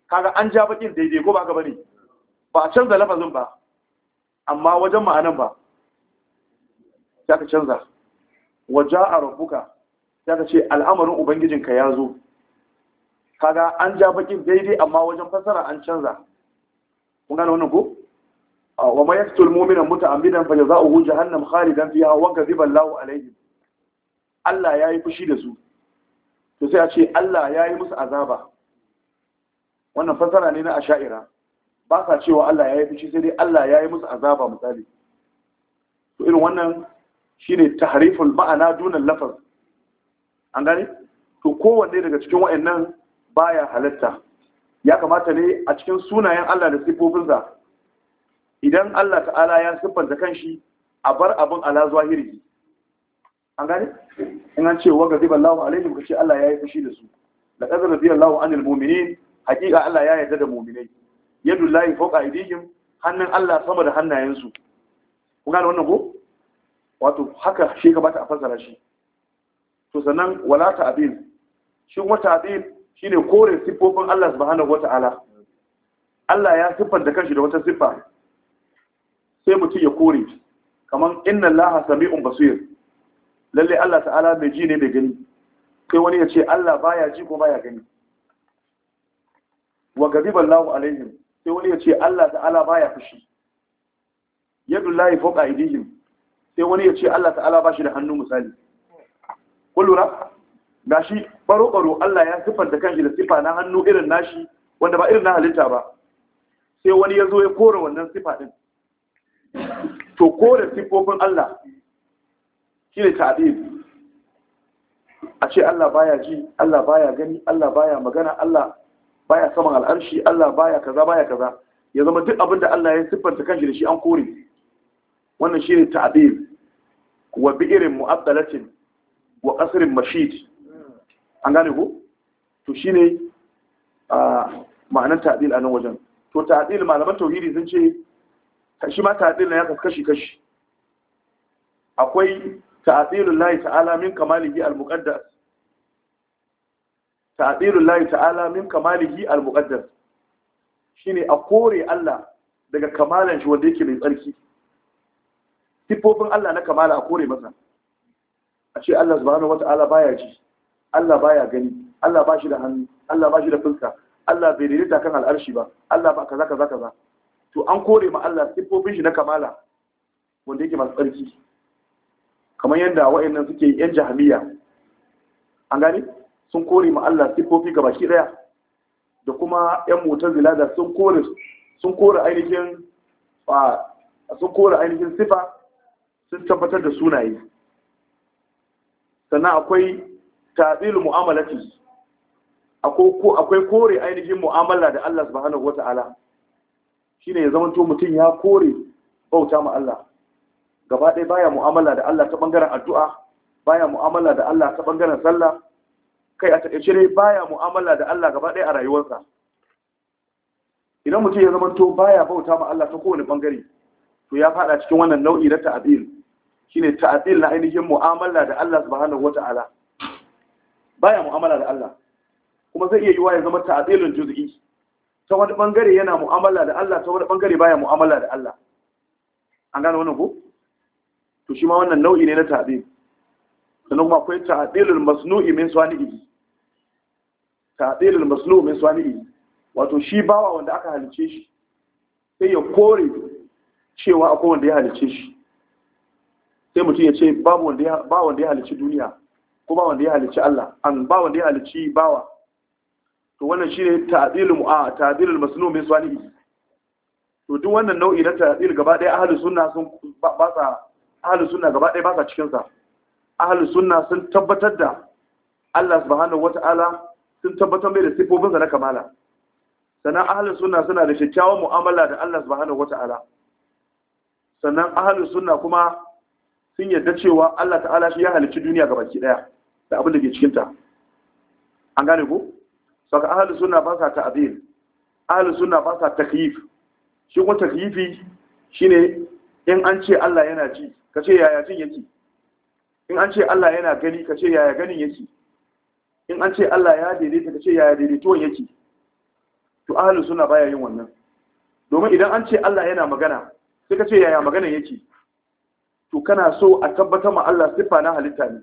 kaga an ja bakin daidai ko ba ka bane ba a canza lafazin ba amma wajen ma'anan ba ya ka canza waje a rabbuka ya ka ce al'amarin ubangijinka ya zo kaga an ja bakin daidai amma wajen fasara an canza kun gane wannan ko wa ma yaqtul mu'mina muta'ammidan fa jazaohu jahannam khalidan fiha wa kadhiba Allahu alayhi Allah yayi fushi da su to sai a ce Allah yayi musu azaba wannan fasara ne na asha'ira ba sa cewa Allah ya yi fushi sai dai Allah ya yi musu azaba misali to irin wannan shine tahriful ma'ana dunan lafaz an gane to kowanne daga cikin wa'annan baya halatta ya kamata ne a cikin sunayen Allah da sifofinsa idan Allah ta'ala ya siffanta kanshi a bar abin ala zahiri an gane in an ce waga zibar lawa alaihim ka ce Allah ya yi fushi da su bi Allahu anil mu'minin haqiqa Allah ya yarda da mu'minai yadda layi fawqa aydihim hannun Allah sama da hannayensu kun gane wannan ko wato haka shi ka bata a fassara shi to sannan wala ta'dil shin wata ta'dil shine kore siffofin Allah subhanahu wata'ala Allah ya siffanta kanshi da wata siffa sai mutum ya kore kaman inna Allah sami'un basir lalle Allah ta'ala mai ji ne mai gani kai wani ya ce Allah baya ji ko baya gani wa gaziban lahu alaihim sai wani ya ce Allah ta'ala baya fushi yadu lahi fawqa aydihim sai wani ya ce Allah ta'ala ba shi da hannu misali kun ga shi baro baro Allah ya siffanta kanshi da siffa na hannu irin nashi wanda ba irin na halitta ba sai wani ya zo ya kore wannan siffa ɗin. to kore siffofin Allah shi ne ta'adib a ce Allah baya ji Allah baya gani Allah baya magana Allah baya saman al'arshi Allah baya kaza baya kaza ya zama duk abinda Allah ya siffanta kanshi da shi an kore wannan shi ne ta'dil wa bi'irin mu'addalatin wa qasrin mashid an gane ku. to shi ne ma'anar ta'dil a nan wajen to ta'dil malaman tauhidi sun ce shi ma ta'dil ne ya kashi kashi akwai ta'dilul lahi ta'ala min kamalihi al-muqaddas ta'dirul lahi ta'ala min kamalihi al-muqaddas shine a kore Allah daga kamalan shi wanda yake mai tsarki sifofin Allah na kamala a kore masa a ce Allah subhanahu wata'ala baya ji Allah baya gani Allah ba shi da hannu Allah ba shi da fuska Allah bai daidaita kan al'arshi ba Allah ba kaza kaza kaza to an kore ma Allah sifofin shi na kamala wanda yake masu tsarki kamar yadda wa'annan suke yan jahamiya an gani sun kore ma Allah sifofi ga baki daya da kuma yan motar zilada sun kore sun kore ainihin sun kore ainihin sifa sun tabbatar da sunaye sannan akwai tabilu mu'amalati akwai kore ainihin mu'amala da Allah subhanahu wata'ala shine ya zamanto mutum ya kore bauta ma Allah gaba ɗaya baya mu'amala da Allah ta bangaren addu'a baya mu'amala da Allah ta bangaren sallah kai a takaice dai baya mu'amala da Allah gaba ɗaya a rayuwarsa idan mutum ya to baya bauta ma Allah ta kowane bangare to ya faɗa cikin wannan nau'i na shi shine ta'adil na ainihin mu'amala da Allah subhanahu wata'ala baya mu'amala da Allah kuma zai iya yiwa ya zama ta'dilun juz'i ta wani bangare yana mu'amala da Allah ta wani bangare baya mu'amala da Allah an gane wannan ko to shi ma wannan nau'i ne na ta'adil sannan kuma akwai ta'dilul masnu'i min swani'i ta'dilul maslum min swahili wato shi bawa wanda aka halice shi sai ya kore cewa akwai wanda ya halice shi sai mutum ya ce ba wanda ya halice duniya ko ba wanda ya halice Allah an ba wanda ya halice bawa to wannan shine ta'dilul mu'a ta'dilul maslum min swahili to duk wannan nau'i na ta'dil gaba ɗaya ahlus sunna sun ba sa ahlus sunna gaba ɗaya ba sa cikin sa ahlus sunna sun tabbatar da Allah subhanahu wata'ala sun tabbatar mai da sifofinsa na kamala sannan ahalin suna suna da kyakkyawan mu'amala da Allah subhanahu wata'ala sannan ahalin suna kuma sun yarda cewa Allah ta'ala shi ya halicci duniya ga baki daya da abin da ke cikinta. an gane ku? saka ahalin suna ba sa ta'dil ahalin suna ba sa takyif shi kuma takyifi shine in an ce Allah yana ji ce yaya jin yake in an ce Allah yana gani ce yaya ganin yake in an ce Allah ya daidaita ka ce yaya daidaituwan yake to ahlus sunna baya yin wannan domin idan an ce Allah yana magana sai ka ce yaya magana yake to kana so a tabbatar ma Allah siffa na halitta ne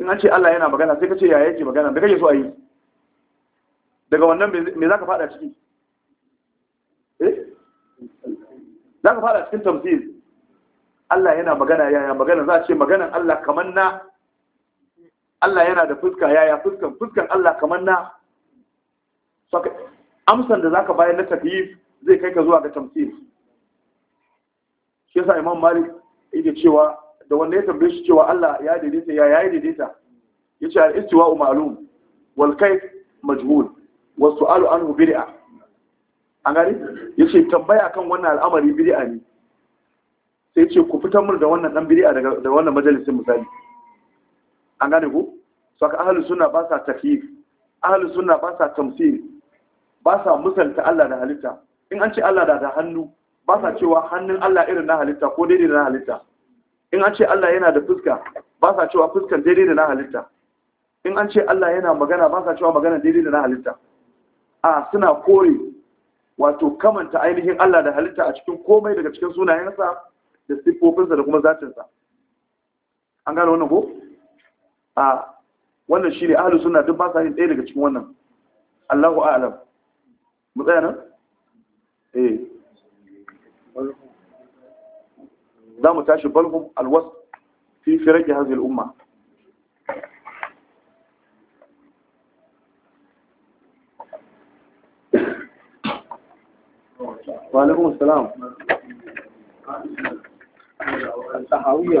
in an ce Allah yana magana sai ka ce yaya yake magana da kake so a yi daga wannan me za ka fada ciki eh za ka fada cikin tamthil Allah yana magana yaya magana za a ce maganan Allah kamar na Allah yana da fuska yaya fuskan fuskan Allah kamar na amsan da zaka bayar na takyif zai kai ka zuwa ga tamthil shi yasa Imam Malik yake cewa da wanda ya tambaye shi cewa Allah ya daidaita ya yayi daidaita yace al istiwa ma'lum wal kayf majhul was su'alu anhu bid'a an gari yace tambaya kan wannan al'amari bid'a ne sai yace ku fitar mu da wannan dan bid'a daga da wannan majalisin misali an gane ku so ka ahlus suna ba sa takyif ahlus suna ba sa tamthil ba sa musanta Allah da halitta in an ce Allah da hannu ba sa cewa hannun Allah irin na halitta ko daidai da na halitta in an ce Allah yana da fuska ba sa cewa fuskan daidai da na halitta in an ce Allah yana magana ba sa cewa magana daidai da na halitta a suna kore wato kamanta ainihin Allah da halitta a cikin komai daga cikin sunayensa da siffofinsa da kuma zatinsa an gane wannan ko a wannan shi ne ahalus suna duk ba sa yin ɗaya daga cikin wannan Allahu a'lam mu tsaya nan eh za mu tashi balhum alwas fi firage hadhihi al-umma wa alaikum assalam التحاوية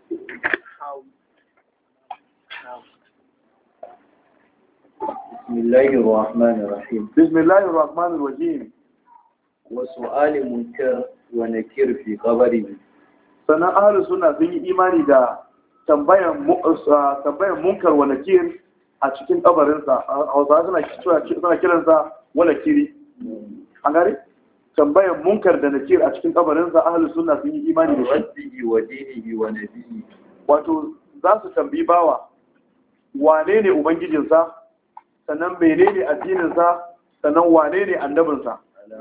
بسم الله الرحمن الرحيم بسم الله الرحمن الرحيم وسؤال منكر ونكر في قبره sana ahlus sunna sun yi imani da tambayan uh, tambayan munkar wa nakir a cikin kabarin sa hausa suna suna kiransa wa kiri. Hmm. an gari tambayan munkar da nakir a cikin kabarin sa ahlus sunna sun yi imani da shi wa dinihi wa nabihi wato za su tambayi bawa wane ne ubangijinsa sannan menene addininsa sannan wane ne annabinsa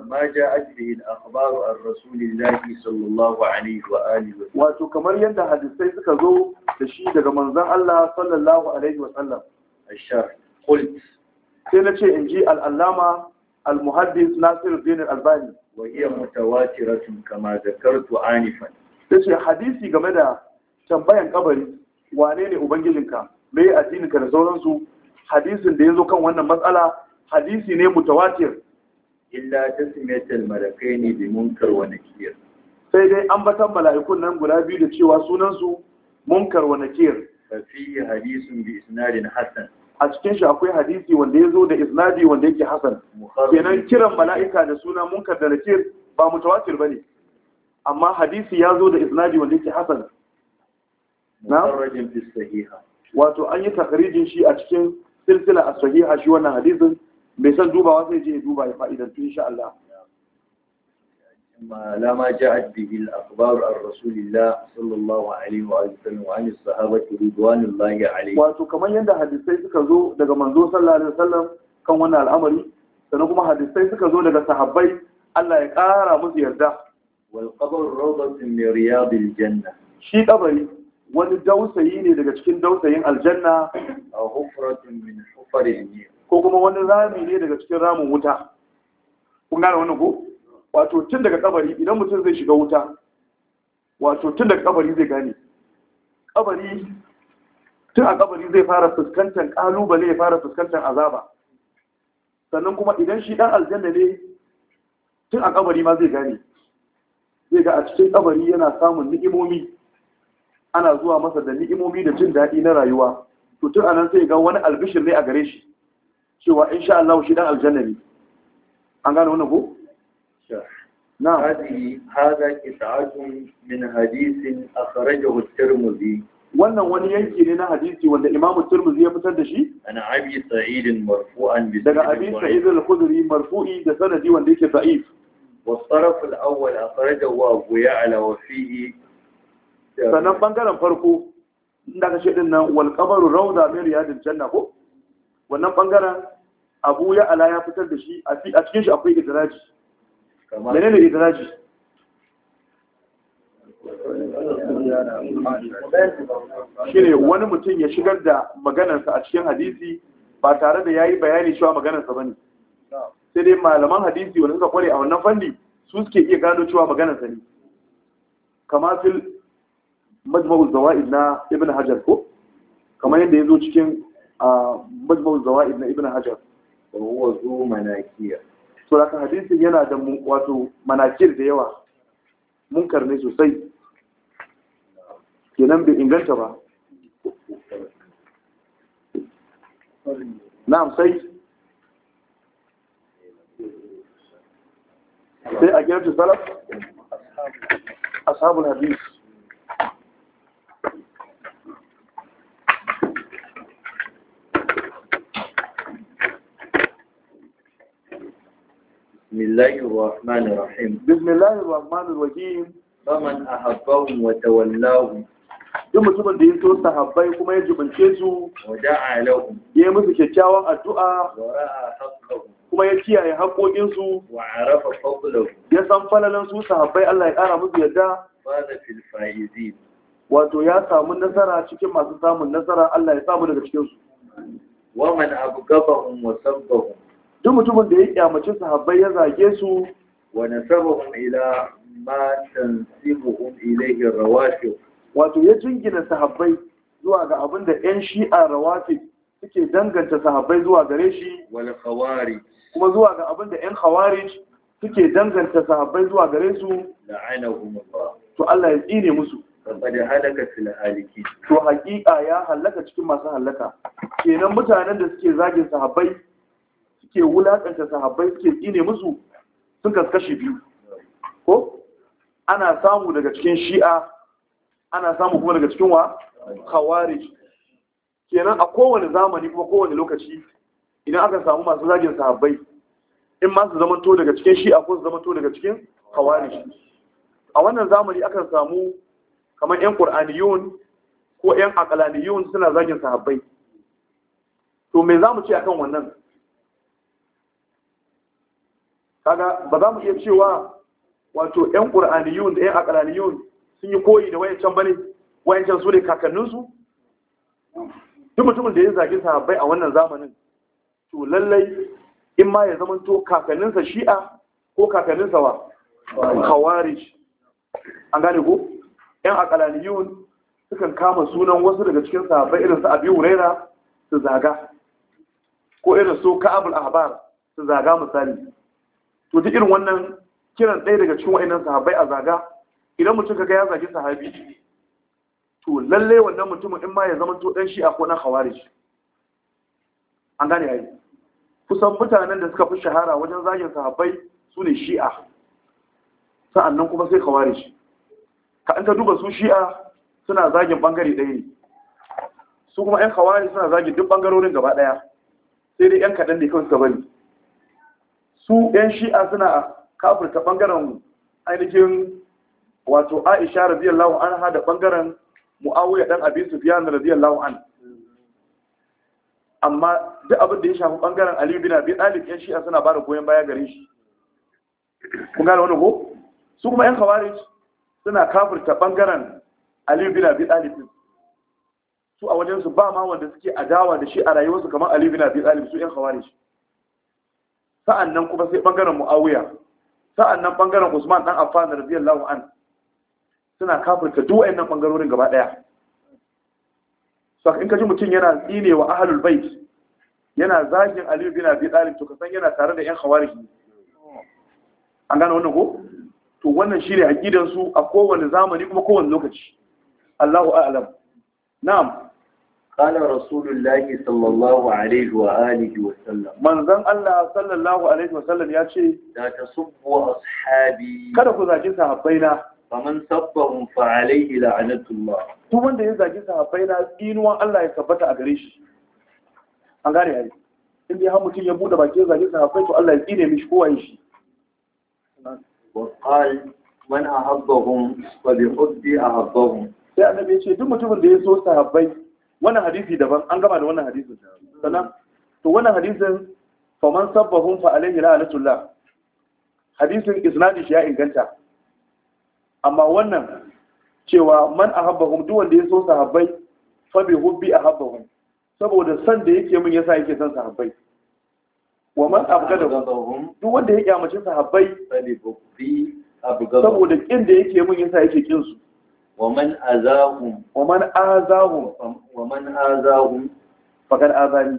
ma ja'at bihi al-akhbar ar-rasulillahi sallallahu alaihi wa alihi wato kamar yadda hadisai suka zo da shi daga manzon Allah sallallahu alaihi wa sallam ashar qult sai nace inji al-allama al-muhaddis Nasiruddin al-Albani wa hiya mutawatiratun kama zakartu anifan sai hadisi game da tambayan kabari wane ne ubangijinka me addininka da sauransu hadisin da ya zo kan wannan matsala hadisi ne mutawatir illa tasmiyatul malakaini bi munkar wa nakir sai dai an batan mala'ikun nan guda biyu da cewa sunan su munkar wa nakir fi hadisin bi isnadin hasan a cikin shi akwai hadisi wanda ya zo da isnadi wanda yake hasan kenan kiran mala'ika da suna munkar da nakir ba mutawatir bane amma hadisi ya zo da isnadi wanda yake hasan na wato an yi takarijin shi a cikin silsila a sahiha shi wannan hadisin mai san dubawa sai je ya duba ya fa'idan tun insha Allah لما جاءت به الأخبار عن رسول الله صلى الله عليه وسلم وعن الصحابة رضوان الله عليه واتو كمان يندى حديثي سكزو دقا منزو صلى الله عليه وسلم كان وانا الأمري سنقوم حديثي سكزو دقا صحابي الله يقارى مزير ده والقبر روضة من رياض الجنة شيء قبري wani dausayi ne daga cikin dausayin aljanna a hufratun min ne ko kuma wani rami ne daga cikin ramin wuta kun gane wannan ko wato tun daga kabari idan mutum zai shiga wuta wato tun daga kabari zai gane kabari tun a kabari zai fara fuskantar kalubale ya fara fuskantar azaba sannan kuma idan shi dan aljanna ne tun a kabari ma zai gane zai ga a cikin kabari yana samun ni'imomi ana zuwa masa da ni'imomi da jin daɗi na rayuwa to tun anan sai ga wani albishir ne a gare shi cewa insha Allah shi dan aljanna ne an gane wannan ko نعم هذه هذا قطعة من حديث أخرجه الترمذي wannan wani yanki ne na hadisi wanda Imam Tirmidhi ya fitar da shi ana Abi Sa'id marfu'an bi daga Abi Sa'id al-Khudri marfu'i da sanadi wanda yake da'if والطرف الأول أخرجه أبو يعلى وفيه sanan bangaren farko inda ka ce dinnan wal qabaru rawda min riyadil janna ko wannan bangaren abu ya ala ya fitar da shi a cikin shi akwai idraji menene idraji shine wani mutum ya shigar da maganarsa a cikin hadisi ba tare da yayi bayani cewa maganarsa bane sai dai malaman hadisi wanda suka kware a wannan fanni su suke iya gano cewa maganarsa ne kama fil majmu'ul zawaid na ibn hajar ko kamar yadda ya zo cikin majmu'ul zawaid na ibn hajar wa huwa zu manakiya to da hadisi yana da wato manakir da yawa munkar ne sosai kenan bai inganta ba na'am sai sai a gefe salaf ashabul hadis بسم الله الرحمن الرحيم بسم الله الرحمن الرحيم فمن أحبهم وتولاهم duk mutumin da ya so sahabbai kuma ya jubance su a lahum ya yi musu kyakkyawan addu'a a kuma ya kiyaye haƙoƙin su wa arafa fadlahu ya san falalan su sahabbai Allah ya ƙara musu yadda faza fil faizin wato ya samu nasara cikin masu samun nasara Allah ya samu daga cikinsu. su abu man abghadahum wa sabbahum duk mutumin da ya kyamaci sahabbai ya zage su wa nasabahum ila ma tansibuhum ilayhi rawafid wato ya jingina sahabbai zuwa ga abin da yan shi'a rawafid suke danganta sahabbai zuwa gare shi wal khawarij kuma zuwa ga abin da yan khawarij suke danganta sahabbai zuwa gare su la'anahum Allah to Allah ya tsine musu da halaka fil haliki to haƙiƙa ya halaka cikin masu halaka kenan mutanen da suke zagin sahabbai suke wulaƙanta sahabbai suke tsine musu sun kaskashi biyu ko ana samu daga cikin shi'a ana samu kuma daga cikin wa kawari kenan a kowane zamani kuma kowane lokaci idan aka samu masu zagin sahabbai in ma su zamanto daga cikin shi'a ko su zamanto daga cikin kawari a wannan zamani akan samu kamar yan ƙur'aniyun ko yan akalaniyun suna zagin sahabbai to me zamu ce akan wannan kaga ba za mu iya cewa wato 'yan qur'aniyun da ƴan aƙalaniyun sun yi koyi da wayancan bane wayancan su ne kakanninsu duk mutumin da ya zagi sahabbai a wannan zamanin to lallai in ma ya zama to kakanninsa shi'a ko kakanninsa wa khawarij an gane ko ƴan aƙalaniyun sukan kama sunan wasu daga cikin sahabbai irin su Abi Huraira su zaga ko irin su ka'abul ahbar su zaga misali to duk irin wannan kiran ɗaya daga cikin wa'annan sahabbai a zaga idan mutum ka ya zagi sahabi to lalle wannan mutumin in ma ya zama to dan Shi'a ko na khawarij an gane ai kusan mutanen da suka fi shahara wajen zagin sahabbai su ne shi'a sa'annan kuma sai khawarij ka an ka duba su shi'a suna zagin bangare ɗaya ne su kuma 'yan khawarij suna zagin duk bangarorin gaba ɗaya sai dai 'yan kaɗan da kawai ka bari su yan shi'a suna kafirta ɓangaren ainihin wato aisha ɓangaren anha da bangaren mu'awiyar dan abin radiyar lawon an amma duk abin da ya shafi ɓangaren aliyu bin biyu talib yan shi'a suna ba da goyon baya gare shi kun gane wani ko su kuma yan khawarij suna kafirta ɓangaren aliyu bin biyu talib su a wajensu ba ma wanda suke adawa da shi a rayuwarsu kamar aliyu bin biyu talib su yan khawarij sa'annan kuma sai bangaren muawiya sa'annan bangaren usman dan da radiyallahu an suna kafirta duk wayannan bangarorin gaba daya so in kaji mutum yana tsine wa ahlul bait yana zagin ali bin abi talib to kasan yana tare da yan khawarij an gane wannan ko to wannan shine aqidan su a kowane zamani kuma kowane lokaci Allahu a'lam na'am Kala Rasulullahi sallallahu Alaihi wa alihi wa sallam. Manzan Allah sallallahu Alaihi wa sallam ya ce, Da ta subbo ashabi. Kada ku zaki sahabbaina. Faman sabbahun fa'alaihi la'anatullah. Duk wanda ya zaki sahabbaina tsinuwan Allah ya tabbata a gare shi. An gare yayi. In dai har mutum ya bude baki ya zaki sahabbai to Allah ya tsine mishi kowa shi. Wa qal man ahabbahum wa bi hubbi ahabbahum. Sai annabi ya ce duk mutumin da ya so sahabbai wannan hadisi daban an gama da wannan hadisin sannan to wannan hadisin man sabbahum fa alaihi la'natullah hadisin isnadin shi ya inganta amma wannan cewa man ahabbahum duk wanda ya so sahabbai fa bi hubbi ahabbahum saboda san da yake min yasa yake san sahabbai wa man abgadahum duk wanda ya kyamace sahabbai saboda kin da yake min yasa yake kin su ومن آذاهم ومن آذاهم ومن آذاهم فقد آذاني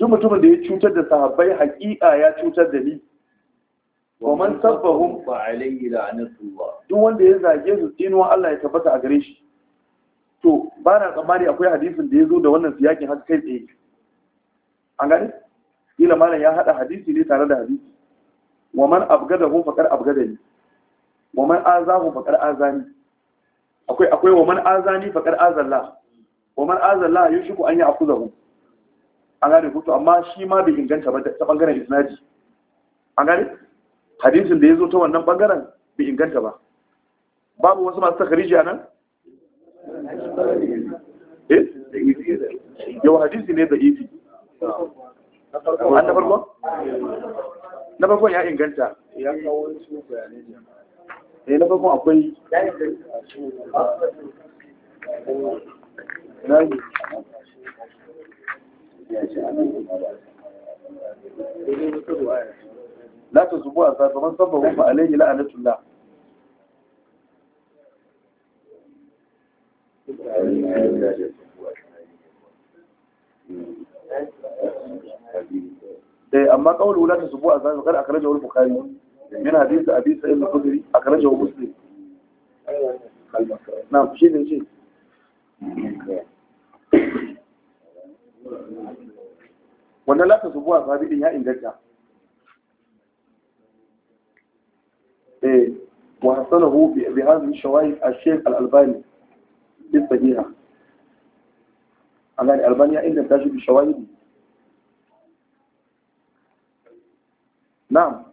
duk mutumin da ya cutar da sahabbai haƙiƙa ya cutar da ni wa man sabbahum fa alayhi la'natullah duk wanda ya zage su tsinuwa Allah ya tabbata a gare shi to ba na tsammani akwai hadisin da ya zo da wannan siyakin har kai tsaye an gane kila malam ya hada hadisi ne tare da hadisi wa man abgadahum faqad abgadani wa man azahu faqad azani akwai akwai wa man azani faqad azalla wa man azalla yushku an ya'khuzahu an gane ku to amma shi ma bai inganta ba ta bangaren isnadi an gane hadisin da yazo ta wannan bangaren bai inganta ba babu wasu masu takhariji anan eh yau hadisi ne da ifi na farko na farkon ya inganta ya kawo wasu bayanai eh na farkon akwai la ta zubu a sakamakon sabbin eh, amma kaulu la ta zubu a من حديث أبي سعيد الخدري أخرجه مسلم ايوه نعم شيء شيء وانا لا تسبوها فهذه هي إن جدا إيه وحصله بهذه الشواهد الشيخ الألباني في بالصحيحة أنا ألبانيا إن تجد الشواهد. نعم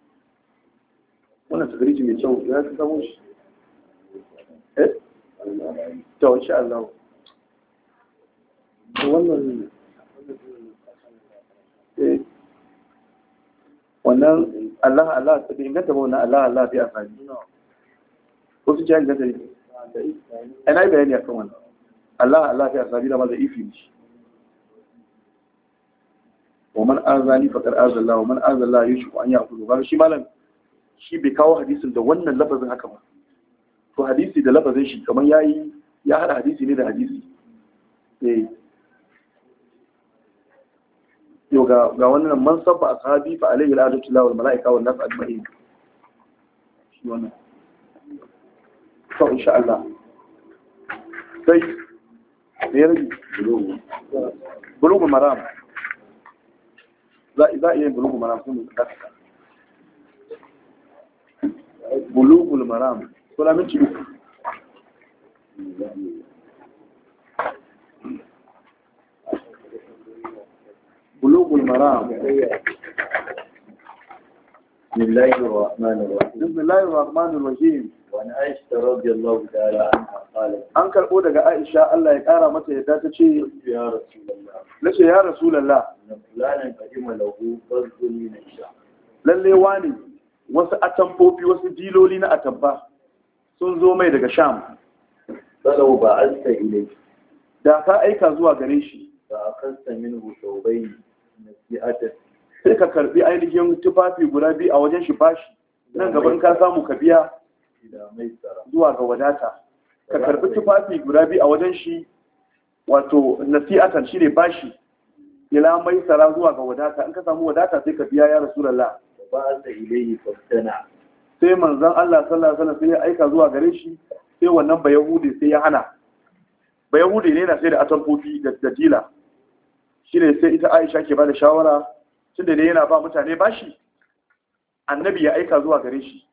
wannan tadariji mai kyau ya fi samun shi eh to insha Allah wannan eh wannan Allah Allah ta bi inganta ba wannan Allah Allah bi afani ko su jahil da dai ana yi bayani akan wannan Allah Allah bi afani da ma ifi shi ومن آذاني فقد آذى الله ومن آذى الله يشفع أن يأخذه قال شي shi bai kawo hadisin da wannan lafazin haka ba to hadisi da lafazin shi kamar ya yi, ya hada hadisi ne da hadisi eh yau ga wannan man sabba ashabi fa alaihi al'adatu lawal mala'ika wal nas ajma'in shi wannan to insha Allah sai ne rage bulugu maram za a iya yin bulugu maram sun da bulugul maram solamente isso bulugul maram بسم الله الرحمن الرحيم وانا عائشه رضي الله تعالى عنها قالت daga Aisha Allah ya kara mata yadda ta ce ya rasulullah nace na rasulullah lalle wani wasu atamfofi wasu diloli na atabba sun zo mai daga sham balau ba alta ilai da ka aika zuwa gare shi Da akan samin min husaubai na siyatar sai ka karbi ainihin tufafi guda biyu a wajen shi bashi nan gaban ka samu ka biya zuwa ga wadata ka karbi tufafi guda biyu a wajen shi wato nasi'atan ne bashi ila mai sara zuwa ga wadata in ka samu wadata sai ka biya ya rasulullah ba'atha ilayhi fastana sai manzon Allah sallallahu alaihi wasallam sai ya aika zuwa gare shi sai wannan Bayahudi sai ya hana Bayahudi ne na sai da atamfofi da dila shine sai ita Aisha ke bada shawara tunda ne yana ba mutane bashi annabi ya aika zuwa gare shi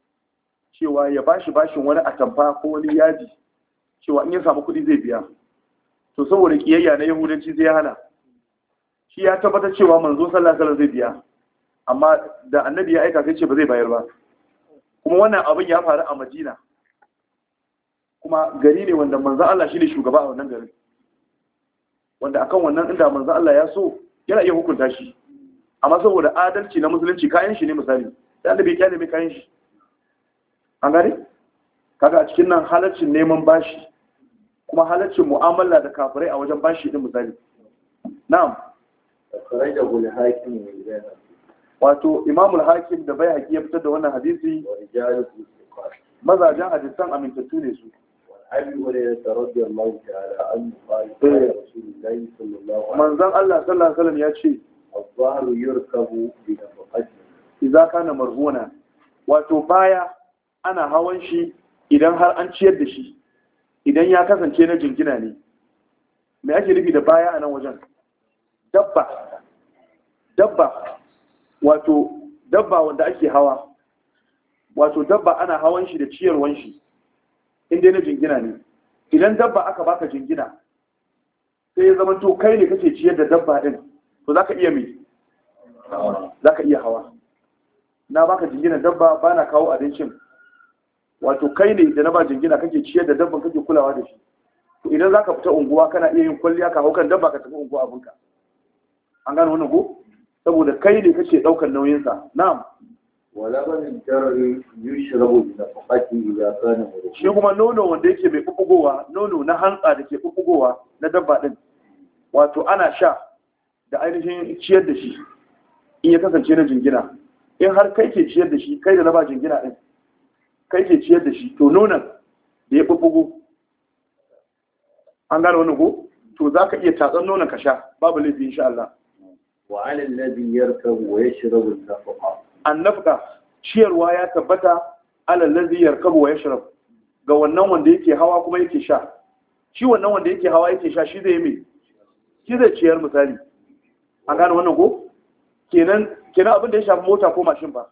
cewa ya bashi bashin wani atamfa ko wani yaji cewa in ya samu kuɗi zai biya to saboda kiyayya na yahudanci zai hana shi ya tabbatar cewa manzo sallallahu alaihi wasallam zai biya amma da annabi ya aika sai ce ba zai bayar ba kuma wannan abin ya faru a madina kuma gari ne wanda manzan Allah shi ne shugaba a wannan garin wanda akan wannan inda manzan Allah ya so yana iya hukunta shi amma saboda adalci na musulunci kayan shi ne misali da annabi ya kyale mai kayan shi an gari, kaga a cikin nan halaccin neman bashi kuma halaccin mu'amala da kafirai a wajen bashi din misali na'am da wato imamul hakim da bai haƙi ya fitar da wannan hadisi mazajen hadisan amintattu ne su manzan Allah sallallahu alaihi ya ce الظهر يركب بنفقته إذا كان مرهونا wato baya ana hawan shi idan har an ciyar da shi idan ya kasance na jingina ne me ake nufi da baya a nan wajen dabba dabba wato dabba wanda ake hawa wato dabba ana hawan shi da ciyarwan shi inda na jingina ne idan dabba aka baka jingina sai ya zama to kai ne kake ciyar da dabba din to ka iya za ka iya hawa na baka jingina dabba bana kawo abincin wato kai ne da na ba jingina kake ciyar da dabban kake kulawa da shi to idan zaka fita unguwa kana iya yin kwalliya ka hau kan dabba ka tafi unguwa abinka an gano wani go? saboda kai ne kake daukar nauyinsa na'am wala banin jarari yushrabu bi nafaqati idza kana shi kuma nono wanda yake mai kukugowa nono na hantsa da ke bubugowa na dabba din wato ana sha da ainihin ciyar da shi in ya kasance na jingina in har kai ke ciyar da shi kai da na ba jingina din kai ke ciyar da shi to nonon da ya kukugo an gane wani ko to za ka iya tatsan nonon ka sha babu laifi insha Allah wa alal ladhi yarkabu wa yashrabu an-nafqa an-nafqa ciyarwa ya tabbata alal ladhi yarkabu wa yashrabu ga wannan wanda yake hawa kuma yake sha shi wannan wanda yake hawa yake sha shi zai mai shi zai ciyar misali an gane wannan ko kenan kenan da ya shafi mota ko mashin ba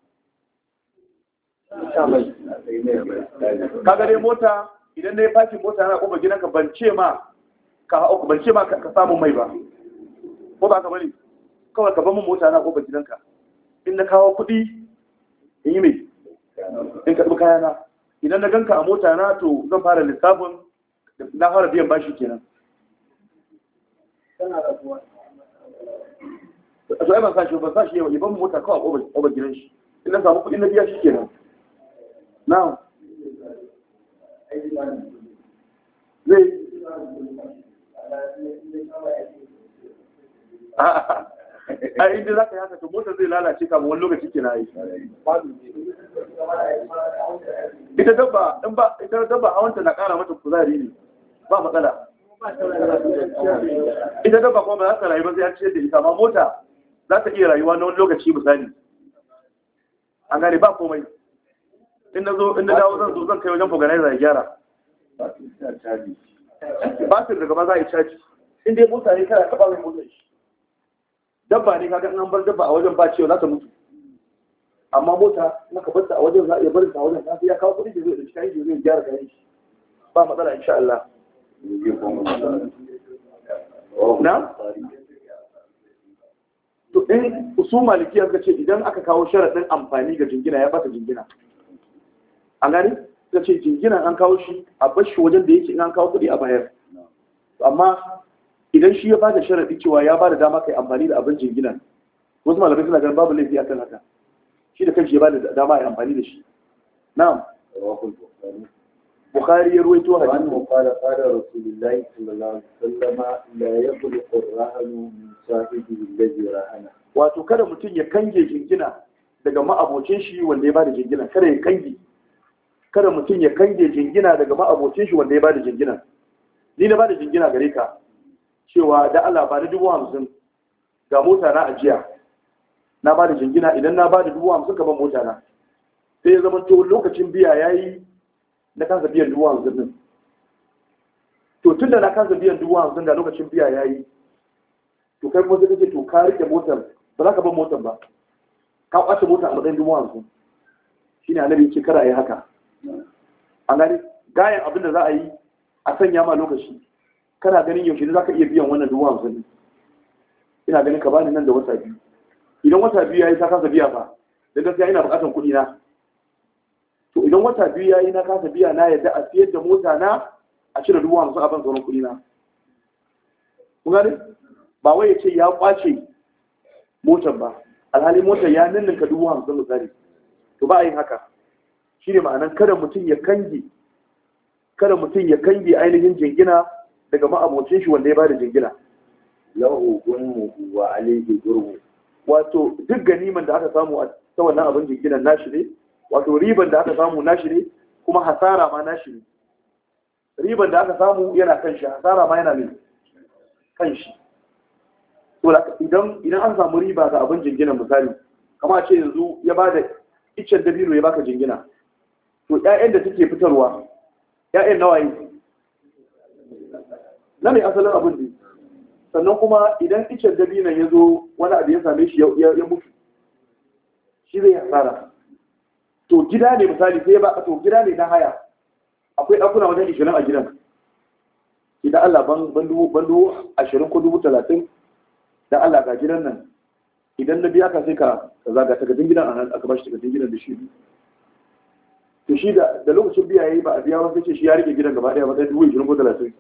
kaga dai mota idan na yi fakin mota yana kofar gidanka ban ce ma ka samu mai ba ko ba ka bari. kawai ka bamu mota na kofar gidanka in na kawo kuɗi in yi mai in karɓi kayana idan na ganka a mota na to zan fara lissafin na fara biyan bashi kenan a tsaye ban sashi shi ban sa yawa ban mota kawai a kofar gidan shi in na samu kuɗi na biya shi kenan na zai a inda za ka yi haka to motar zai lalace kafin wani lokaci ke na yi ita dabba in ba ita dabba hawanta na ƙara mata kuzari ne ba matsala ita dabba kuma ba za ta rayu ba zai an ciyar da ita amma mota za ta iya rayuwa na wani lokaci misali an gane ba komai in na zo in na dawo zan zo zan kai wajen organizer ya gyara batir daga ba za a yi caji in dai mota ne kana kaba mai motsa shi dabba ne kaga an bar dabba a wajen ba ciwo za ta mutu amma mota na ka bar ta a wajen za a iya ta a wajen ya kawo kuɗi da zai ɗauki shi da zai gyara kayan ba matsala insha Allah na to in su maliki suka ce idan aka kawo sharaɗin amfani ga jingina ya bata jingina an gani suka ce jingina an kawo shi a bar shi wajen da yake in an kawo kuɗi a bayar amma idan shi ya ba da sharaɗi cewa ya ba da dama kai amfani da abin jingina wasu malamai suna ganin babu laifi akan haka shi da kanshi ya ba da dama ya amfani da shi na'am bukhari ya ruwaito hadisi wannan qala qala rasulullahi sallallahu alaihi wasallam la yaqulu qurranu min sahibi alladhi rahana wato kada mutum ya kange jingina daga ma'abocin shi wanda ya ba da jingina kada ya kange kada mutum ya kange jingina daga ma'abocin shi wanda ya ba da jingina ni na ba da jingina gare ka cewa da Allah ba da dubu hamsin ga mota na ajiya na ba da jingina idan na ba da dubu hamsin ka ban mota na sai ya zama to lokacin biya ya yi na kansa biyan dubu hamsin din to tun da na kansa biyan dubu hamsin da lokacin biya ya yi to kai kuma sai kake to ka rike motar ba za ka ban motar ba ka kwace motar a matsayin dubu hamsin shine annabi ce kada a yi haka a gani gayan abin da za a yi a sanya ma lokaci kana ganin yaushe ne ka iya biyan wannan dubu hamsin ina ganin ka bani nan da wata biyu idan wata biyu ya yi ta kasa biya fa da gaskiya ina bukatan kuɗi na to idan wata biyu ya yi na kasa biya na yadda a siyar da mota na a cire dubu hamsin a ban sauran kuɗi na kun ne? ba wai ya ce ya kwace motar ba alhali motar ya ninninka dubu hamsin misali to ba a yin haka shi ne ma'anan kada mutum ya kange kada mutum ya kange ainihin jingina daga ma'abocin shi wanda ya bada jingina lahu gunmu wa alayhi gurmu wato duk ganiman da aka samu a ta wannan abin jinginan nashi ne wato riban da aka samu nashi ne kuma hasara ma nashi ne riban da aka samu yana kan shi hasara ma yana ne kan shi idan idan an samu riba ga abin jinginan misali a ce yanzu ya bada iccen dabino ya baka jingina to ƴaƴan da suke fitarwa ƴaƴan nawaye na ne asalin abin ne sannan kuma idan icen dabinan ya zo wani abu ya same shi ya mutu shi zai hasara to gida ne misali sai ba to gida ne na haya akwai ɗakuna wajen ishirin a gidan idan Allah ban dubu ashirin ko dubu talatin da Allah ga gidan nan idan na biya ka sai ka zaga takardun gidan a nan aka bashi takardun gidan da shi to shi da lokacin biya yi ba a biya ba sai ce shi ya rike gidan gaba daya ba sai dubu ashirin ko talatin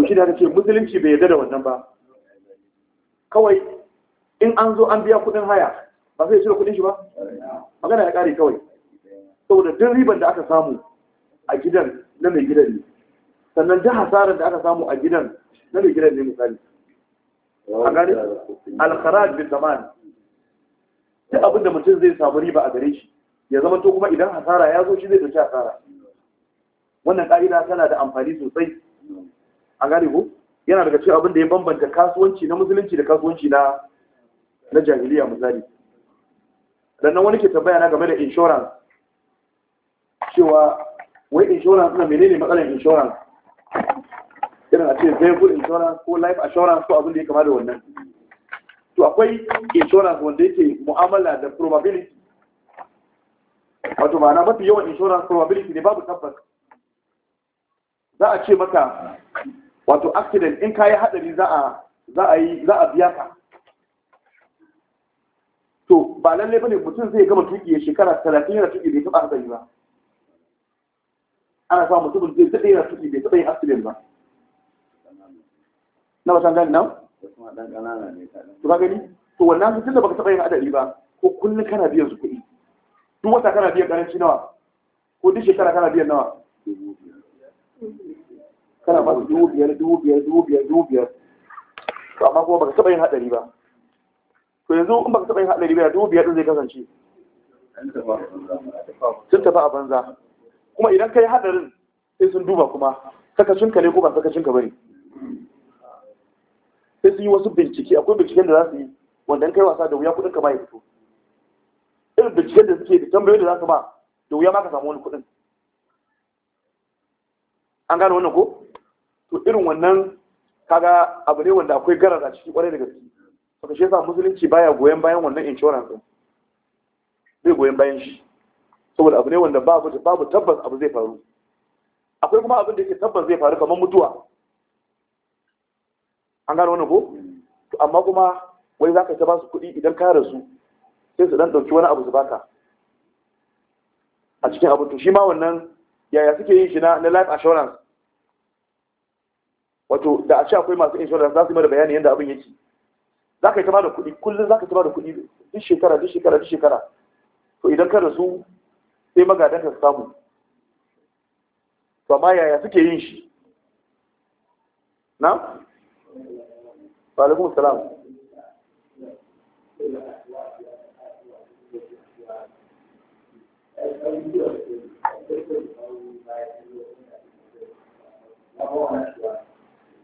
to shi da ake ce musulunci bai yarda da wannan ba kawai in an zo an biya kuɗin haya ba sai cire kuɗin shi ba magana ya ƙare kawai saboda duk riban da aka samu a gidan na mai gidan ne sannan duk hasarar da aka samu a gidan na mai gidan ne misali a gane alkharaj bin zaman duk abin da mutum zai samu riba a gare shi ya zama to kuma idan hasara ya zo shi zai dace hasara wannan ka'ida tana da amfani sosai an gane ko yana daga cikin abin da ya bambanta kasuwanci na musulunci da kasuwanci na na jahiliya misali nan wani ke tambaya na game da insurance cewa wai insurance na menene matsalar insurance irin a ce vehicle insurance ko life assurance ko abin da ya kama da wannan to akwai insurance wanda yake mu'amala da probability wato ma'ana mafi yawan insurance probability ne babu tabbas za a ce maka wato accident in kayi hadari za a za a yi za a biya ka to ba lalle bane mutum zai gama tuki ya shekara 30 yana tuki bai taba hadari ba ana sa mutum zai tsaye yana tuki bai taba yin accident ba na wasan gani nan to ka gani to wannan su tunda baka taba yin hadari ba ko kullun kana biyan su kuɗi duk wata kana biyan karanci nawa ko duk shekara kana biyan nawa kana ba su dubu biyar dubu biyar dubu biyar dubu biyar to amma kuma baka taɓa yin haɗari ba to yanzu in baka taɓa yin haɗari ba dubu biyar ɗin zai kasance sun tafi a banza kuma idan ka yi haɗarin sai sun duba kuma sakacinka ne ko ba sakacinka ba ne sai sun yi wasu bincike akwai binciken da za su yi wanda in kai wasa da wuya kuɗin ka ma ya fito irin binciken da suke da tambayoyin da za su ba, da wuya ma ka samu wani kuɗin an gane wannan ko to irin wannan kaga abu ne wanda akwai garar a ciki kwarai da gaske saka shi yasa musulunci baya goyon bayan wannan insurance din bai goyon bayan shi saboda abu ne wanda babu babu tabbas abu zai faru akwai kuma abin da yake tabbas zai faru kamar mutuwa an gano wannan ko amma kuma wai za ka ta ba su kuɗi idan ka rasu sai su dan ɗauki wani abu su baka a cikin abu to shi ma wannan yaya suke yin shi na life assurance wato da a ce akwai masu insurance za su mara bayani yadda abin yake za ka yi tama da kuɗi kullum za ka yi tama da kuɗi duk shekara duk shekara duk shekara to idan ka rasu sai magadan ka samu to amma yaya suke yin shi na? wa salam Thank you.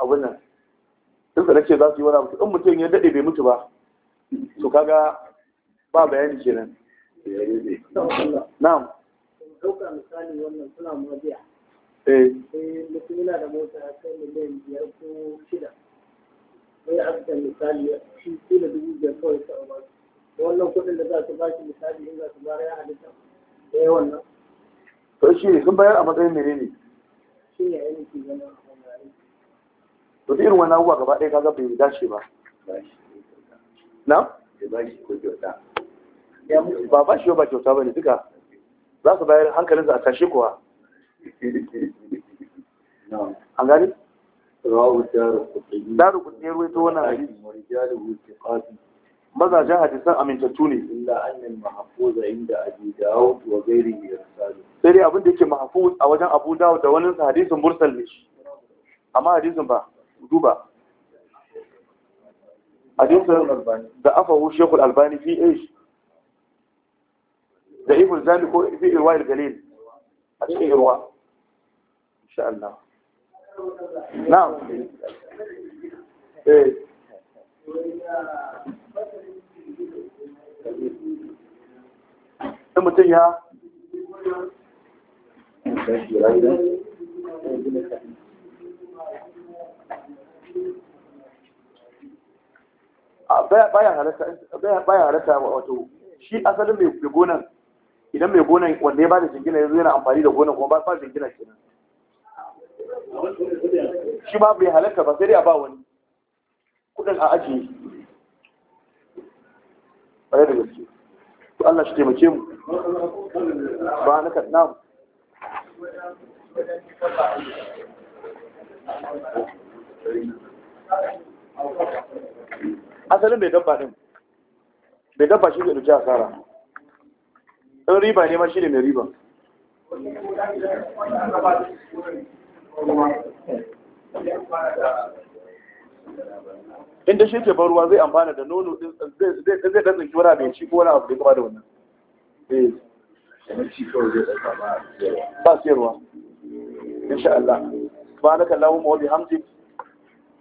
abin nan in sa ce za su yi wani abu in mutum ya daɗe bai mutu ba to kaga ba bayani kenan na'am Dauka misali wannan suna mabiya eh mutum yana da mota kai miliyan biyar ko shida sai aka misali shi sai da dubu biyar kawai sa ba wannan kuɗin da za su ba shi misali in za su bayar ya halitta da eh, wannan. nan to shi sun bayar a matsayin menene shi ne ainihin kenan to irin wani abubuwa gaba ɗaya kaga bai dace ba na ba ba shi ba kyauta ba ne duka za su bayar hankalin za a tashi kuwa an gani daru kudi ya ta wani hadisi mazajen hadisan amintattu ne illa annal mahfuz inda abi daud wa ghairihi irsalu sai dai abin da yake mahfuz a wajen abu dawo da wani hadisin mursal ne amma hadisin ba دوبا أديس الشيخ الألباني في إيش ضعيف الزاني في إرواء القليل أشيء إرواء إن شاء الله نعم إيه متيها baya halatta wato shi asalin mai gonan idan mai gonan wanda ya da jingina yanzu yana amfani da gonan kuma ba jingina kenan shi ma bai halatta ba sai dai a ba wani kudin a ajiye baya da gaske to Allah shi taimake mu ba na kan namu asalin bai dabba din bai dabba shi ke dauki asara Ɗan riba ne ma shi ne mai riba inda shi ke baruwa ruwa zai amfana da nono ɗin zai dan kiwara mai ci ko abu da kuma da wannan eh. ba siyarwa insha'allah Allah ba na ma mawabi hamdi